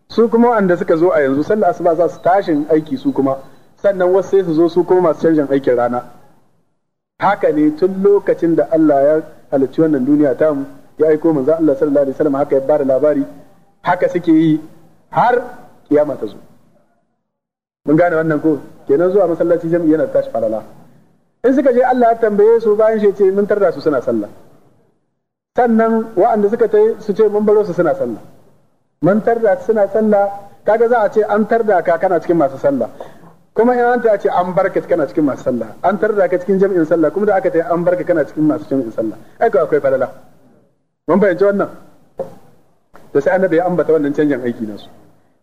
su kuma wanda suka zo a yanzu sallar asuba za su tashin aiki su kuma sannan wasu sai su zo su kuma masu canjin aikin rana haka ne tun lokacin da Allah ya halarci wannan duniya ta mu ya aiko manzo Allah sallallahu alaihi wasallam haka ya bada labari haka suke yi har kiyama ta zo mun gane wannan ko kenan zuwa masallaci jami'i yana tashi falala in suka je Allah ya tambaye su bayan shi ce mun tarda su suna sallah sannan wa'anda suka ta su ce mun baro su suna sallah mun tarda suna sallah kaga za a ce an tarda ka kana cikin masu sallah kuma in an ta ce an barka kana cikin masu sallah an tarda ka cikin jami'in sallah kuma da aka ta an barka kana cikin masu jami'in sallah ai ka akwai falala mun bayyana wannan to sai annabi ya ambata wannan canjin aiki nasu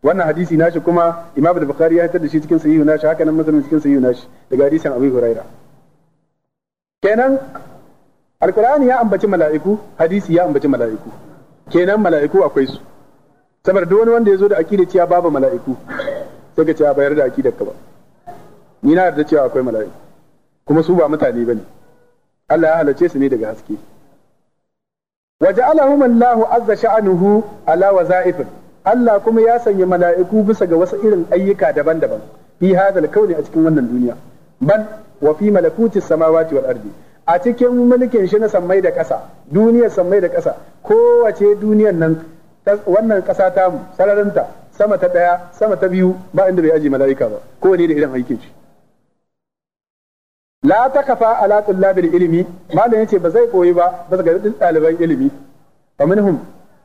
wannan hadisi nashi kuma imamu al-bukhari ya fitar da shi cikin sahihu nashi haka nan muslim cikin sahihu nashi daga hadisin abu huraira kenan alqur'ani ya ambaci mala'iku hadisi ya ambaci mala'iku kenan mala'iku akwai su saboda duk wani wanda ya zo da akida cewa babu mala'iku sai ka ce ba yarda akidar ka ba ni na yarda cewa akwai mala'iku kuma su ba mutane bane Allah ya halace su ne daga haske waja'alahum Allahu azza sha'anuhu ala waza'ifin Allah kuma ya sanya mala'iku bisa ga wasu irin ayyuka daban-daban fi hadal kauni a cikin wannan duniya bal wa fi malakuti samawati wal ardi a cikin mulkin shi na sammai da ƙasa duniyar sammai da ƙasa kowace duniyar nan wannan ƙasa tamu sararinta sama ta ɗaya sama ta biyu ba inda bai aji mala'ika ba kowane da irin aikin shi la a ala tullabil ilimi, malam ce ba zai koyi ba ba ga ɗaliban ilimi faminhum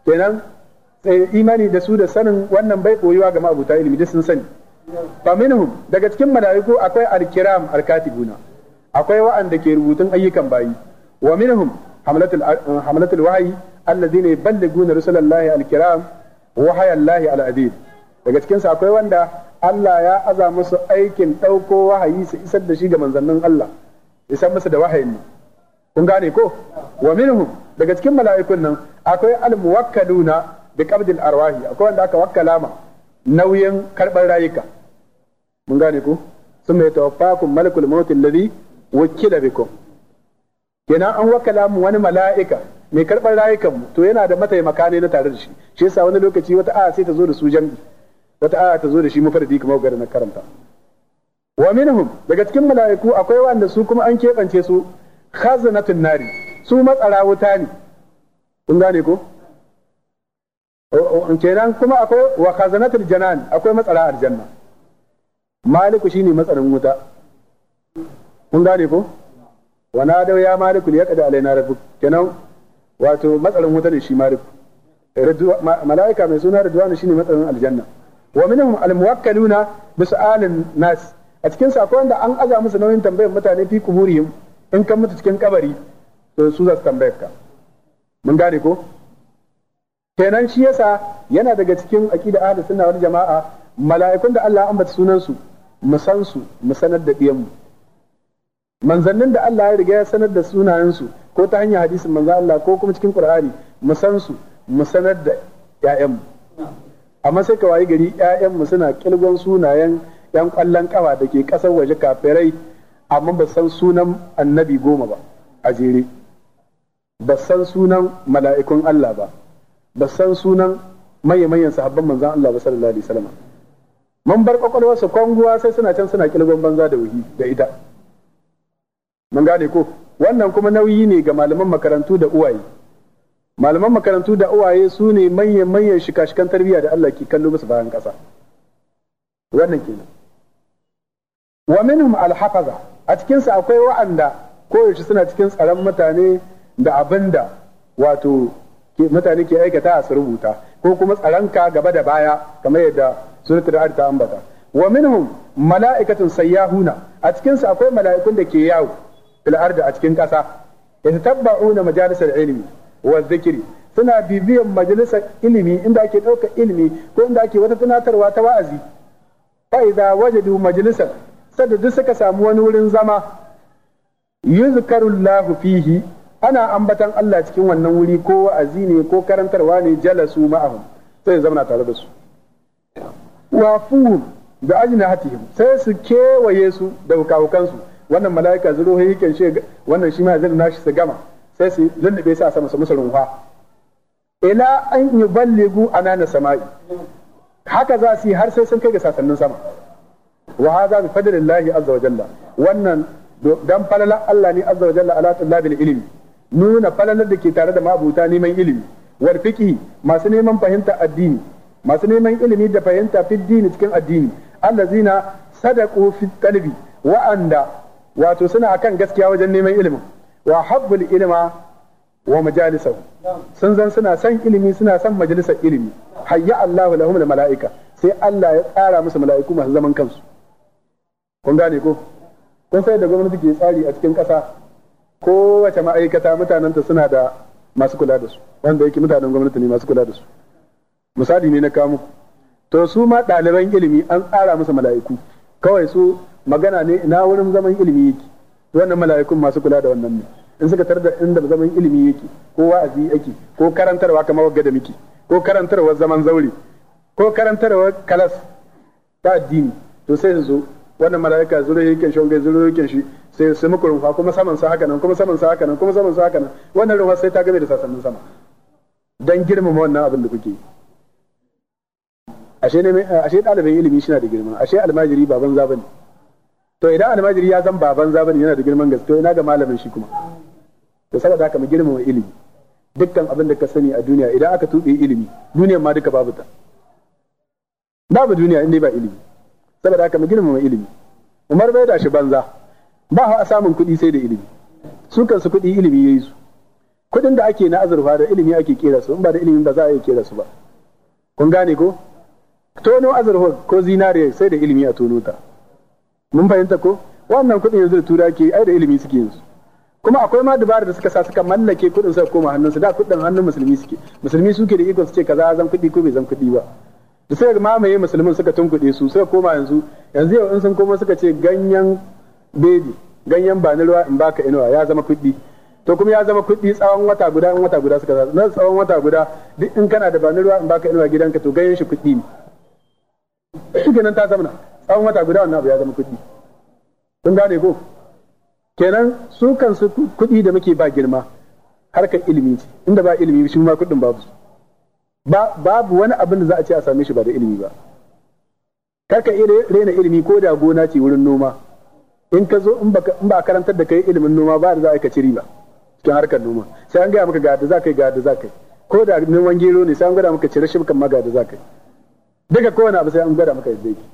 kenan sai imani da su da sanin wannan bai koyuwa ga ma'abuta ilimi da sun sani faminhum daga cikin mala'iku akwai alkiram alkatibuna akwai wa'anda ke rubutun ayyukan bayi wa minhum hamlatul hamlatul wahyi alladhina yuballighuna rusulallahi alkiram wa hayallahi aladid daga cikinsu akwai wanda Allah ya aza musu aikin ɗauko wahayi su isar da shi ga manzannin Allah isar musu da wahayin kun gane ko wa minhum daga cikin mala'ikun nan akwai almuwakkaluna bi qabdil arwahi akwai wanda aka wakkala ma nauyin karɓar rayuka mun gane ko summa yatawaffakum malakul maut alladhi wukila bikum yana an wakala mu wani mala'ika mai karɓar rayukan mu to yana da mataimaka ne na tare da shi shi yasa wani lokaci wata a sai ta zo da su jam'i wata aya ta zo da shi mafarki kamar ga na karanta wa minhum daga cikin mala'iku akwai wanda su kuma an keɓance su khazanatun nari su matsara wuta ne kun gane ko kenan kuma akwai wa khazanatul janan akwai matsara aljanna maliku shine matsarin wuta kun gane ko wa nadaw ya maliku kada alaina rabbuk kenan wato matsarin wuta ne shi maliku mala'ika mai suna ridwan shine matsarin aljanna wa minhum almuwakkaluna bi su'alin nas a cikin sako wanda an aza musu nauyin tambayar mutane fi kuburihim in kan mutu cikin kabari to su su tambayar ka mun gane ko kenan shi yasa yana daga cikin aqida ahli sunna wal jama'a mala'ikun da Allah ya ambata sunan su mu san su mu sanar da diyan mu manzannin da Allah ya riga ya sanar da sunayen su ko ta hanyar hadisin manzo Allah ko kuma cikin Qur'ani mu san su mu sanar da 'ya'yan mu amma sai ka wayi gari ƴaƴanmu suna kilgon sunayen yan ƙwallon ƙafa da ke ƙasar waje kafirai amma ba san sunan annabi goma ba a jere ba san sunan mala'ikun Allah ba ba san sunan maye sahabban manzan Allah ba sallallahu alaihi wasallam mun bar kwakwalwar su kwanguwa sai suna can suna kilgon banza da wuhi da ita mun gane ko wannan kuma nauyi ne ga malaman makarantu da uwaye malaman makarantu da uwaye su ne manyan manyan shika-shikan tarbiyya da Allah ke kallo musu bayan kasa wannan kenan wa minhum alhafaza a cikin akwai wa'anda koyaushe suna cikin tsaron mutane da abinda wato mutane ke aikata a su rubuta ko kuma tsaranka gaba da baya kamar yadda suratul ar ta ambata wa minhum mala'ikatun sayyahuna a cikin akwai mala'ikun da ke yawo fil ardi a cikin kasa yatatabbauna majalisar ilimi. wazikiri suna bibiyan majalisar ilimi inda ake ɗauka ilimi ko inda ake wata tunatarwa ta wa'azi fa idza wajadu majalisar, sada duk suka samu wani wurin zama yuzkarullahu fihi ana ambatan Allah cikin wannan wuri ko wa'azi ne ko karantarwa ne jalasu ma'ahum sai na tare da su na bi ajnahatihim sai su kewaye su da wukawukansu wannan mala'ika zuruhi yake shi wannan shi ma zai nashi su gama sai su lullube su a sama su musu runfa ila an yuballigu anana sama'i haka za su yi har sai sun kai ga sasannin sama wa hadha bi fadlillahi azza wa jalla wannan dan falala Allah ne azza wa jalla ala tullabil ilmi nuna falalar da ke tare da mabuta neman ilimi wal fiqhi masu neman fahimta addini masu neman ilimi da fahimta fi dini cikin addini allazina sadaqu fi talbi wa'anda wato suna akan gaskiya wajen neman ilimin ya habbul ilma wa majalisahu sun zan suna son ilimi suna son majalisar ilimi hayya Allahu lahum al mala'ika sai Allah ya tsara musu mala'iku masu zaman kansu kun gane ko kun sai da gwamnati ke tsari a cikin ƙasa kowace ma'aikata mutanenta suna da masu kula da su wanda yake mutanen gwamnati ne masu kula da su misali ne na kamu to su ma ɗaliban ilimi an tsara musu mala'iku kawai su magana ne na wurin zaman ilimi yake wannan mala'ikun masu kula da wannan ne in suka tar da inda zaman ilimi yake ko wa'azi yake ko karantarwa kamar wagga da miki ko karantarwa zaman zaure ko karantarwa kalas ta addini to sai su zo wannan mala'ika zuro yake shi wanga zuro yake shi sai su muku rufa kuma saman sa haka nan kuma saman sa haka nan kuma saman sa haka nan wannan rufa sai ta game da sasannin sama dan girmama wannan abin da kuke yi ashe ne ashe dalibin ilimi shi na da girma ashe almajiri baban zaba ne to idan almajiri ya zan baban zaba yana da girman gaske ina ga malamin shi kuma to saboda haka mu girmama ilimi dukkan abin da ka sani a duniya idan aka tuɓe ilimi duniyar ma duka babu ta babu duniya inda ba ilimi saboda haka mu girmama ilimi umar bai da shi banza ba a samun kuɗi sai da ilimi su kansu kuɗi ilimi yayi su kuɗin da ake na azurfa da ilimi ake kera su in ba da ilimi ba za a iya kera su ba kun gane ko tono azurfa ko zinariya sai da ilimi a tono ta mun fahimta ko wannan kuɗin yanzu da tura ke ai da ilimi suke yin su kuma akwai ma dubara da suka sa suka mallake kuɗin suka koma hannunsu da kuɗin hannun musulmi suke musulmi suke da ikon su ce kaza zan kuɗi ko bai zan kuɗi ba da suka mamaye musulmin suka tunkuɗe su suka koma yanzu yanzu yau in sun koma suka ce ganyen bebi ganyen ba na ruwa in baka inuwa ya zama kuɗi to kuma ya zama kuɗi tsawon wata guda in wata guda suka na tsawon wata guda duk in kana da ba na ruwa in baka inuwa gidanka to ganyen shi kuɗi ne shi ta zama tsawon wata guda wannan abu ya zama kuɗi sun gane ko kenan su kansu kuɗi da muke ba girma harkar ilimi ce inda ba ilimi shi ma kuɗin babu ba babu wani abin da za a ce a same shi ba da ilimi ba karka rena ilimi ko da gona ce wurin noma in ka zo in ba a karantar da kai ilimin noma ba da za a yi kaciri ba cikin harkar noma sai an gaya maka ga da za ka yi ga da za ka yi ko da noman gero ne sai an gwada maka cire shi kan ma ga da za ka yi duka kowane abu sai an gwada maka yadda yake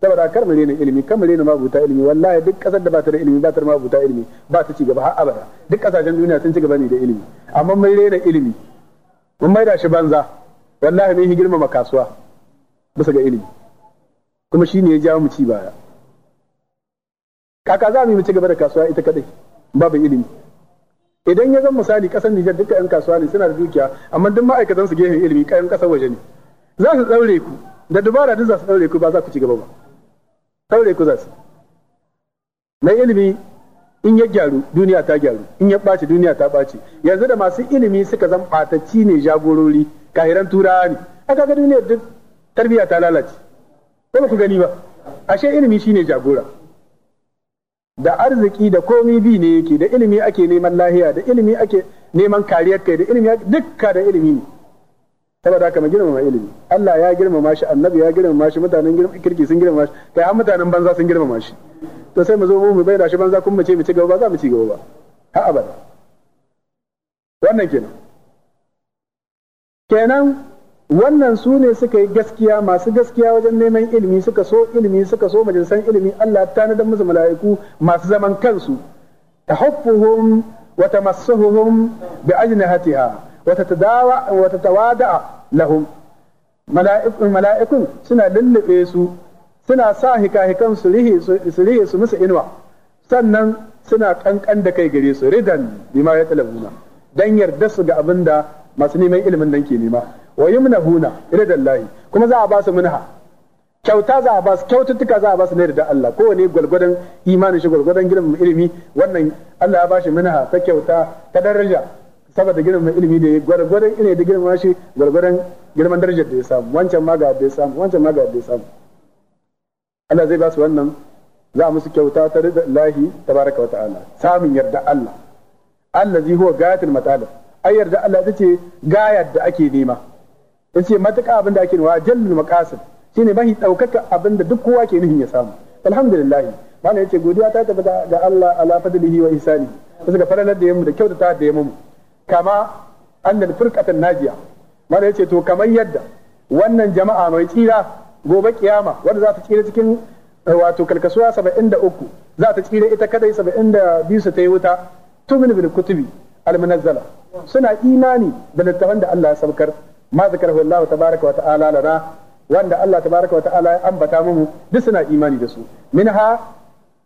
saboda kar mu rena ilimi kar mu rena mabuta ilimi wallahi duk kasar da ba ta da ilimi ba ta da mabuta ilimi ba ta ci gaba har abada duk kasashen duniya sun ci gaba ne da ilimi amma mun rena ilimi mun maida shi banza wallahi mun yi girmama kasuwa bisa ga ilimi kuma shi ne ya jawo mu ci baya kaka za mu yi mu ci gaba da kasuwa ita kadai babu ilimi idan ya zan misali kasar Nijar duka 'yan kasuwa ne suna da dukiya amma duk ma'aikatan su gehen ilimi kayan kasar waje ne za su tsaure ku da dubara duk za su tsaure ku ba za ku ci gaba ba saurai ku za na ilimi in ya gyaru duniya ta gyaru in ya ɓaci duniya ta ɓaci yanzu da masu ilimi suka zan ɓatacci ne jagorori kahiran turawa ne a kaga duniyar duk tarbiyya ta lalace ko ba ku gani ba ashe ilimi shine jagora da arziki da komi bi ne yake da ilimi ake neman lahiya da ilimi ake neman kariyar kai da ilimi dukka da ilimi ne saboda haka mai girmama ilimi Allah ya girmama shi annabi ya girmama shi mutanen kirki sun girmama shi kai an mutanen banza sun girmama shi to sai mu zo mu bai da shi banza kuma mace ce mu ci gaba ba za mu ci gaba ba har abada wannan kenan kenan wannan su ne suka yi gaskiya masu gaskiya wajen neman ilimi suka so ilimi suka so majalisan ilimi Allah ta nada musu mala'iku masu zaman kansu tahaffuhum wa tamassuhum bi ajnihatiha wa tatadawa wa tatawada'a lahum mala'ikun mala'ikun suna lullube su suna sa hikahikan su rihe su rihe su musu inuwa sannan suna kankan da kai gare su ridan bima ya talabuna dan yarda su ga abin da masu neman ilimin nan ke nema wa huna ridan lahi kuma za a ba su munha kyauta za a ba su kyaututtuka za a ba su ne da Allah kowane gwalgwadon imanin shi gwalgwadon girman ilimi wannan Allah ya ba shi munha ta kyauta ta daraja saboda girman ilimi da ya gwargwaran ilimi da girma shi gwargwaran girman darajar da ya samu wancan ma ga da ya samu wancan ma ga da ya samu Allah zai ba su wannan za musu kyauta ta rida Allah tabaraka wa ta'ala samun yarda Allah Allah zai huwa gayatul matalib ai yarda Allah ita ce gayar da ake nema ita ce matuƙa abin da ake nema jallul maqasid shine mahi daukaka abin da duk kowa ke nufin ya samu alhamdulillah mana yace godiya ta tabbata ga Allah ala fadlihi wa ihsani sai ga faralar da yamu da kyautata da yamu kama annal firqatan najiya mana yace to kamar yadda wannan jama'a mai tsira gobe kiyama wanda za ta tsira cikin eh, wato kalkasuwa uku za ta tsira ita kadai 72 su ta yi wuta tumin bil kutubi al munazzala suna imani da littafan da Allah ya saukar ma zakarahu Allah tabaaraka wa ta'ala lana wanda Allah tabaaraka wa ta'ala ya ambata mu duk suna imani da su minha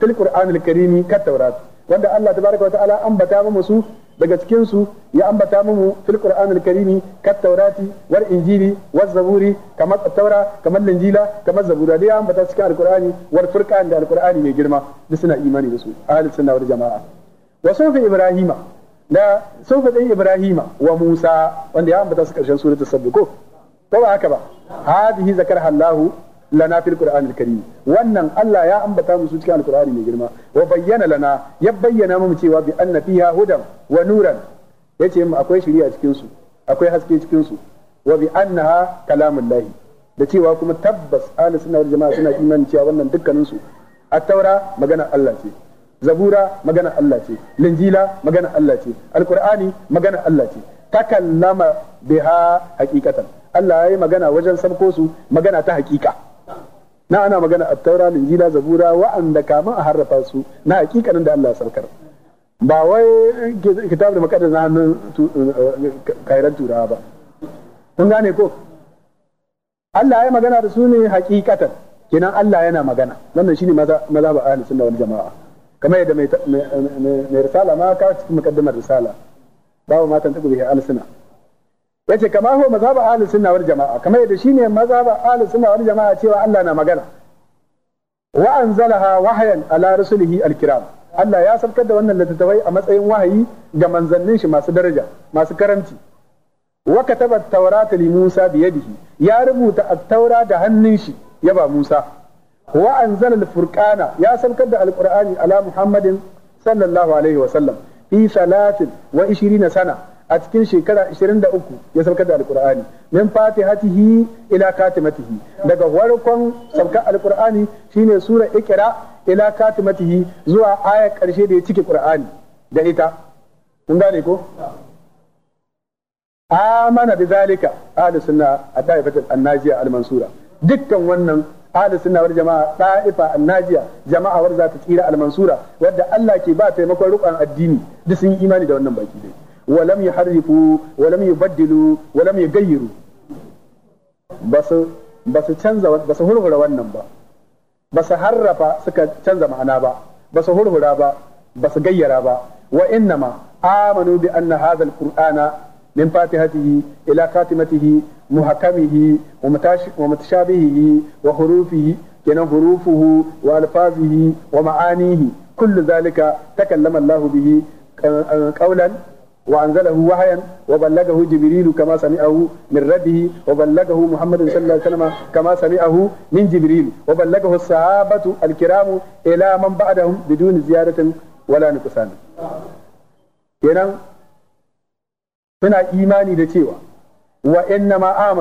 fil qur'anil karimi kat taurat wanda Allah tabaraka wa ta'ala ambata mu su daga cikin su ya ambata mu fil qur'anil karimi kat taurati wal injili waz zaburi kamar taura kamar linjila kamar zabura da ya ambata cikin alqur'ani war furqan da alqur'ani mai girma duk suna imani da su ahlus sunna wal jamaa wa sufi ibrahima da sufi din ibrahima wa musa wanda ya ambata su karshen suratul sabb ko ba haka ba hadihi zakarha Allahu lana fil qur'anil karim wannan Allah ya ambata musu cikin alqur'ani mai girma wa bayyana lana ya bayyana mu cewa bi anna fiha hudan wa nuran yace mu akwai shari'a cikin su akwai haske cikin su wa bi annaha kalamullahi da cewa kuma tabbas ahli sunna wal jama'a suna imani cewa wannan dukkanin su at-taura magana Allah ce zabura magana Allah ce linjila magana Allah ce alqur'ani magana Allah ce takallama biha haqiqatan Allah ya yi magana wajen sabko su magana ta haƙiƙa. na ana magana a taura linjila zabura wa'anda kama a harrafa su na hakikanin da Allah sarkar ba wai kitab da makadar na hannun eh, kairan turawa ba kun gane ko Allah ya magana da su ne hakikatan kenan Allah yana magana wannan shine maza maza ba ahli sunna wal jamaa kamar yadda mai risala ma ka cikin makaddamar risala babu matan tagubi ahli sunna yace kama huwa mazhabu ahli sunna wal jama'a kamar yadda shine mazhabu ahli sunna wal jama'a cewa Allah na magana wa anzalaha wahyan ala rusulihi alkiram Allah ya sabkar da wannan littattafai a matsayin wahayi ga manzannin shi masu daraja masu karamci wa kataba at li Musa bi yadihi ya rubuta at-taura da hannun shi ya ba Musa wa anzala al-furqana ya sabkar da alqur'ani ala Muhammadin sallallahu alaihi wa sallam fi salatin wa 20 sana a cikin shekara 23 ya saukar da alkur'ani min fatihatihi ila katimatihi daga warkon saukar alkur'ani shine sura ikra ila katimatihi zuwa aya karshe da ya cike qur'ani da ita kun gane ko amana bi zalika ahli sunna at daifatul an-najiya al-mansura dukkan wannan ahli sunna wal jama'a da'ifa annajiya jama'a wadda zata ta tsira almansura wadda Allah ke ba taimakon ruƙan addini duk sun yi imani da wannan baki dai wa lam yuharrifu wa lam yubaddilu wa lam hurhura wannan ba basu harrafa suka canza ma'ana ba basu hurhura ba basu gayyara ba wa innama amanu bi anna hadha alqur'ana min fatihatihi ila khatimatihi muhakamihi wa mutashabihihi wa hurufihi kenan hurufuhu wa alfazihi wa ma'anihi kullu zalika takallama Allah bihi qawlan وأنزله وحيا وبلغه جبريل كما سمعه من ربه وبلغه محمد صلى الله عليه وسلم كما سمعه من جبريل وبلغه الصحابة الكرام إلى من بعدهم بدون زيادة ولا نقصان kenan suna imani da cewa wa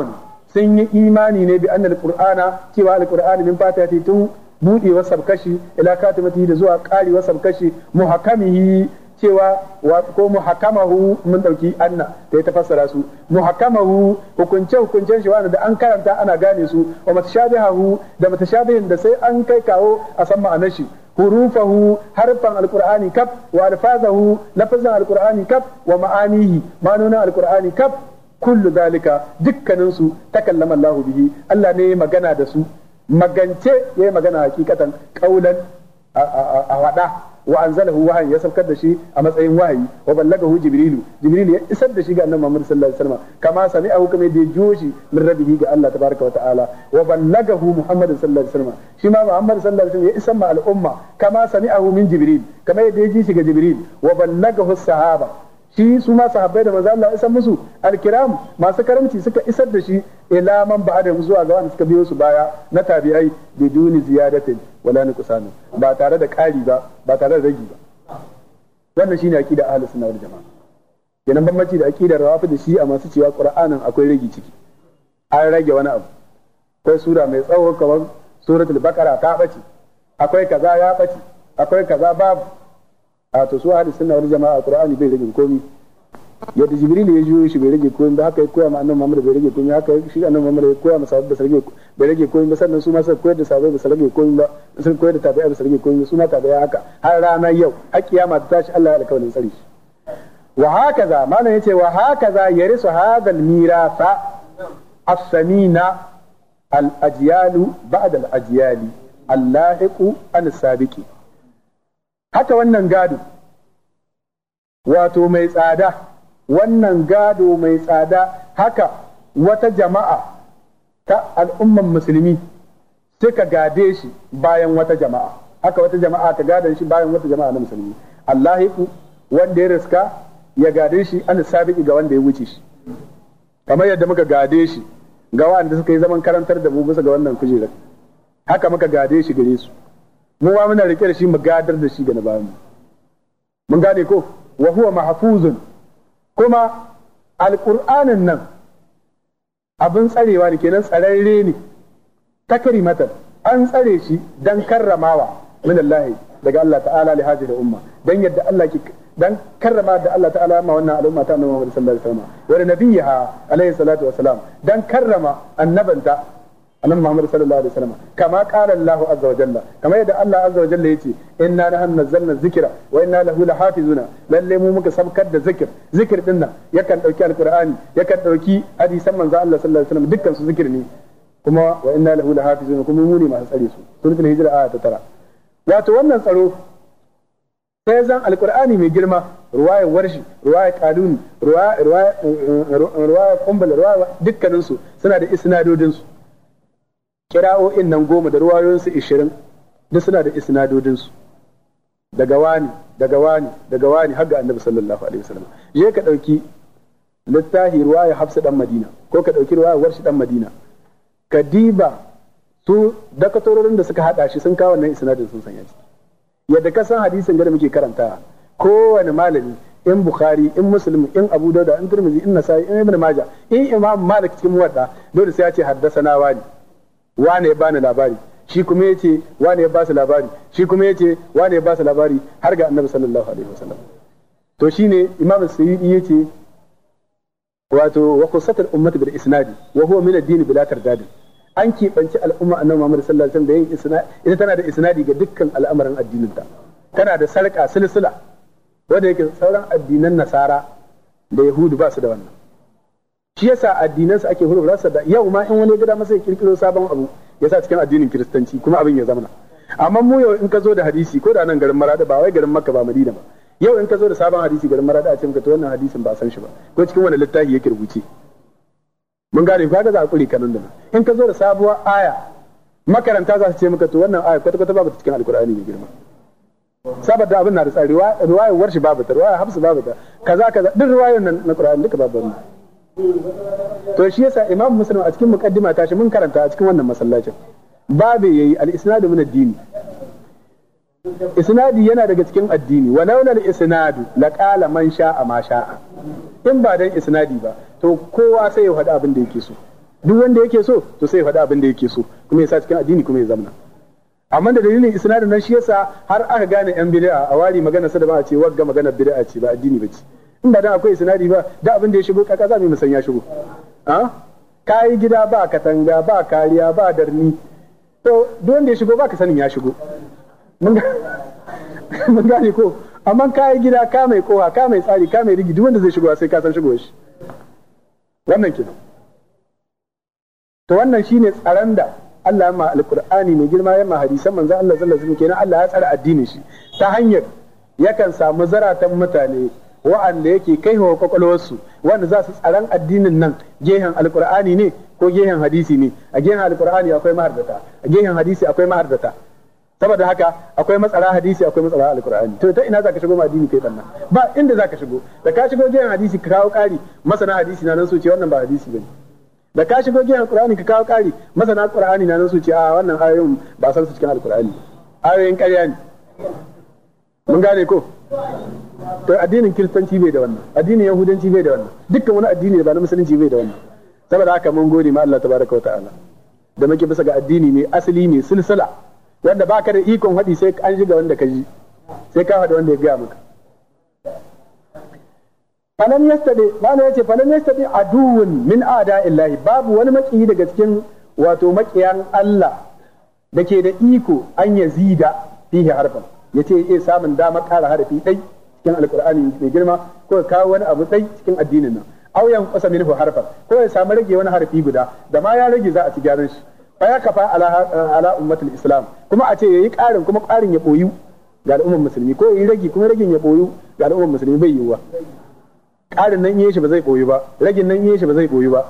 sun yi imani ne bi annal qur'ana cewa alqur'ani min fatihati tun buɗewar kashi ila katimati da zuwa ƙarewar mu muhakamihi cewa wa ko muhakamahu mun dauki anna da ta tafassara su muhakamahu hukunce hukuncen shi wanda an karanta ana gane su wa mutashabihahu da mutashabihin da sai an kai kawo a san ma'anar shi hurufahu harfan alqur'ani kaf wa alfazahu lafazan alqur'ani kaf wa ma'anihi ma'anonin alqur'ani kaf kullu zalika dukkanin su takallama Allah bihi Allah ne magana da su magance yayi magana hakikatan kaulan a wada wa anzalahu wahayi ya saukar da shi a matsayin wahayi wa ballagahu jibrilu jibrilu ya isar da shi ga annabi Muhammad sallallahu alaihi wasallam kama sami'ahu kuma da jiyo shi min rabbihi ga Allah tabaraka wa ta'ala wa ballagahu Muhammad sallallahu alaihi wasallam shi ma Muhammad sallallahu alaihi wasallam ya isar ma al'umma kama sami'ahu min jibril kama yadda ya ji shi ga jibril wa ballagahu sahaba shi su ma sahabbai da manzo Allah isar musu alkiram masu karamci suka isar da shi ila man ba'da zuwa ga wanda suka biyo su baya na tabi'ai bi duni ziyadatin wala ni kusanu ba tare da ƙari ba ba tare da ragi ba wannan shine aqida ahli sunna wal jamaa kenan bambanci da aqida rawafi da shi a masu cewa qur'anin akwai ragi ciki an rage wani abu akwai sura mai tsawo kamar suratul baqara ta bace akwai kaza ya bace akwai kaza babu a to su ahli sunna wal jama'a qur'ani bai rage komi yadda jibril ya juyo shi bai rage komi ba haka ya koya ma annabi muhammad bai rage komi haka shi annabi muhammad ya koya ma sahabbai ba rage bai rage komi ba sannan su ma suka koyar da sahabbai ba rage komi ba sun koyar da tabi'a ba rage komi su ma tabi'a haka har ranar yau har kiyama ta tashi Allah ya alƙawarin tsari wa hakaza malam yace wa hakaza yarisu hadal mirasa as-samina al-ajyalu ba'da al-ajyali al-lahiqu al-sabiqi al ajyalu bada al ajyali al lahiqu sabiqi al haka wannan gado wato mai tsada wannan gado mai tsada haka wata jama'a ta al'umman musulmi suka gade shi bayan wata jama'a haka wata jama'a ta gada shi bayan wata jama'a na musulmi Allah Allahiku wanda ya riska ya gade shi an sabiki ga wanda ya wuce shi kamar yadda muka gade shi ga wanda suka yi zaman karantar da mu bisa ga wannan kujerar haka muka gade shi gare su mu ma muna rike da shi mu gadar da shi ga na bayan mun gane ko wa huwa mahfuzun kuma alqur'anin nan abin tsarewa ne kenan tsararre ne takrimatan an tsare shi dan karramawa min Allah daga Allah ta'ala li hadhihi umma dan yadda Allah ke dan karrama da Allah ta'ala ma wannan al'umma ta Annabi Muhammad sallallahu alaihi wasallam wa nabiyha alaihi salatu wasalam dan karrama annabanta annabi Muhammad sallallahu alaihi wasallam kama qala Allahu azza wa jalla kama yadda Allah azza wa jalla yace inna nahnu nazzalna dhikra wa inna lahu lahafizuna lalle mu muka sabkar da zikir zikir dinna nan yakan dauki alqur'ani yakan dauki hadisan manzo Allah sallallahu alaihi wasallam dukkan su zikir ne kuma wa inna lahu lahafizuna kuma mu ne masu tsare su suratul hijra aya ta 9 wato wannan tsaro sai zan alqur'ani mai girma ruwaya warshi ruwaya kaluni ruwaya ruwaya kumbal ruwaya dukkanin su suna da isnadodin su kira'o'in nan goma da ruwayoyinsu ishirin duk suna da isnadodinsu daga wani daga wani daga wani har ga annabi sallallahu alaihi wasallam je ka dauki littafi ruwaya hafsa dan madina ko ka dauki ruwaya warshi dan madina ka diba su dakatororin da suka hada shi sun kawo wannan isnadin sun sanya shi yadda ka san hadisin da muke karantawa kowane malami in bukhari in muslim in abu dauda in tirmidhi in nasai in ibn majah in imam malik cikin muwadda dole sai ya ce haddasa na wani wane ya bani labari shi kuma ya ce wane ya basu labari shi kuma ya ce wane ya basu labari har ga annabi sallallahu alaihi wasallam to shine imam sayyidi ya ce wato wa qusatul ummati bil isnadi wa huwa min ad-din bila tardad an keɓanci al'umma annabi Muhammad sallallahu alaihi wasallam da yin isnadi ita tana da isnadi ga dukkan al'amarin addinin ta tana da sarka silsila wanda yake sauran addinan nasara da yahudu ba su da wannan shi yasa addinansa ake huruf rasa da yau ma in wani gida masa ya kirkiro sabon abu yasa cikin addinin kiristanci kuma abin ya zamana amma mu yau in ka zo da hadisi ko da nan garin marada ba wai garin makka ba madina ba yau in ka zo da sabon hadisi garin marada a ce ka to wannan hadisin ba san shi ba ko cikin wani littafi yake rubuce mun gane ka ga za a kure kanan da in ka zo da sabuwar aya makaranta za su ce maka to wannan aya kwata kwata babu cikin alkur'ani mai girma saboda abin na da tsari ruwayar warshi babu ta ruwayar hafsu babu ta kaza kaza duk ruwayar nan na qur'ani duka babu wannan to shi yasa imam muslim a cikin ta tashi mun karanta a cikin wannan masallacin babu yayi al-isnadu min ad-dini isnadi yana daga cikin addini wa launa al-isnadu laqala man sha'a ma sha'a in ba dan isnadi ba to kowa sai ya faɗi abin da yake so duk wanda yake so to sai ya faɗi abin da yake so kuma ya sa cikin addini kuma ya zamana amma da dalilin isnadin nan shi yasa har aka gane yan bid'a a wari magana sa da ba a ce wagga magana bid'a ce ba addini ba ce in ba da akwai sinadi ba da abin da ya shigo kaka za mu musan ya shigo a kayi gida ba katanga ba kariya ba darni to duk wanda ya shigo ba ka sanin ya shigo mun gane ko amma kayi gida ka mai kowa ka mai tsari ka mai rigi duk wanda zai shigo sai ka san shigo shi wannan kenan to wannan shine tsaran da Allah ya ma alqur'ani mai girma ya ma hadisan manzo Allah sallallahu alaihi wasallam kenan Allah ya tsara addinin shi ta hanyar yakan samu zaratan mutane wa'anda yake kai wa kwakwalwarsu wanda za su tsaron addinin nan gehen alkur'ani ne ko gehen hadisi ne a gehen alkur'ani akwai ma'arzata a gehen hadisi akwai ma'arzata saboda haka akwai matsara hadisi akwai matsara alkur'ani to ta ina za ka shigo ma addini kai bannan ba inda ka shigo da ka shigo gehen hadisi ka kawo ƙari masana hadisi na nan su ce wannan ba hadisi bane da ka shigo gehen alkur'ani ka kawo ƙari masana alkur'ani na nan su ce a wannan ayoyin ba san su cikin alkur'ani ayoyin ƙarya ne mun gane ko to addinin kiristanci bai da wannan addinin yahudanci bai da wannan dukkan wani addini da ba na musulunci bai da wannan saboda haka mun gode ma Allah tabaraka wa ta'ala da muke bisa ga addini mai asali mai silsila wanda baka da ikon haɗi sai an ji ga wanda ka ji sai ka haɗa wanda ya gaya maka falan yastadi mana yace falan yastade aduwun min ada illahi babu wani makiyi daga cikin wato makiyan Allah da ke da iko an yazida fihi harfan ya ce iya samun damar ƙara harafi ɗai cikin Alƙur'ani mai girma ko ya kawo wani abu ɗai cikin addinin nan auyan kusa minhu harfan ko ya samu rage wani harafi guda da ma ya rage za a ci gyaran shi fa ya kafa ala ummatul islam kuma a ce yayi ƙarin kuma ƙarin ya boyu ga al'ummar musulmi ko yayi rage kuma ragin ya boyu ga al'ummar musulmi bai yiwuwa ƙarin nan yin shi ba zai boyu ba ragin nan yin shi ba zai boyu ba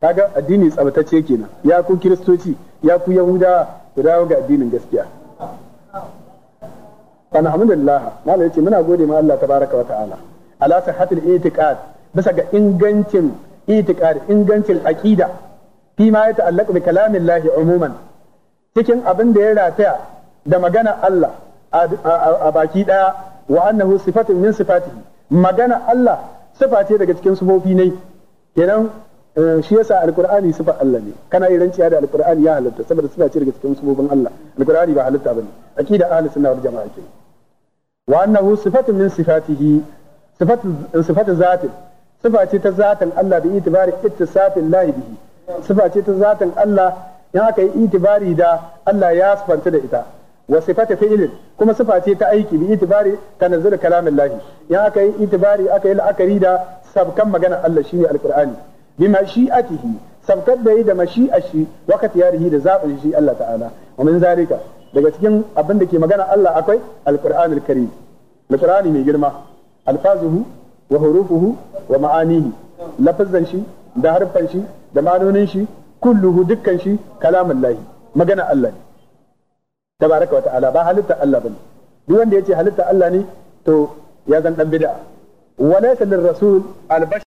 kaga addini tsabtacce kenan ya ku kiristoci ya ku yahuda ku dawo ga addinin gaskiya fa alhamdulillah malai yace muna gode ma Allah tabaraka wa ta'ala ala sihhatil i'tiqad bisa ga ingancin i'tiqad ingancin aqida fi ma ya ta'allaqu bi cikin abin da ya rataya da magana Allah a baki daya wa annahu sifatun min sifatihi magana Allah sifa ce daga cikin sifofi ne kenan eh, shi yasa alqur'ani sifa Allah ne kana irin ciya da alqur'ani ya halitta saboda sifa ce daga cikin sifofin Allah alqur'ani ba halitta bane aqida ahlus sunna wal jama'a kenan wa annahu sifatun min sifatihi sifatun sifatu zatin sifa ce ta zatin Allah bihi sifa ta zatin Allah in aka yi itibari da Allah ya sifanta da ita wa sifata fi'ilin kuma sifa ta aiki bi itibari tanazzul kalamin lahi in aka yi itibari aka yi la'akari da sabkan magana Allah shine alqur'ani bi mashi'atihi sabkar da yi da mashi'a shi wakati yarihi da zaɓin shi Allah ta'ala wa min daga cikin abin da ke magana Allah akwai alqur'anul karim alqur'ani mai girma alfazuhu wa hurufuhu wa ma'anihi lafazan shi da harfan shi da ma'anonin shi kulluhu dukkan shi kalamun lahi magana Allah ne tabaraka wa ta'ala ba halitta Allah bane duk wanda yace halitta Allah ne to ya zan dan bid'a wa laysa rasul albashar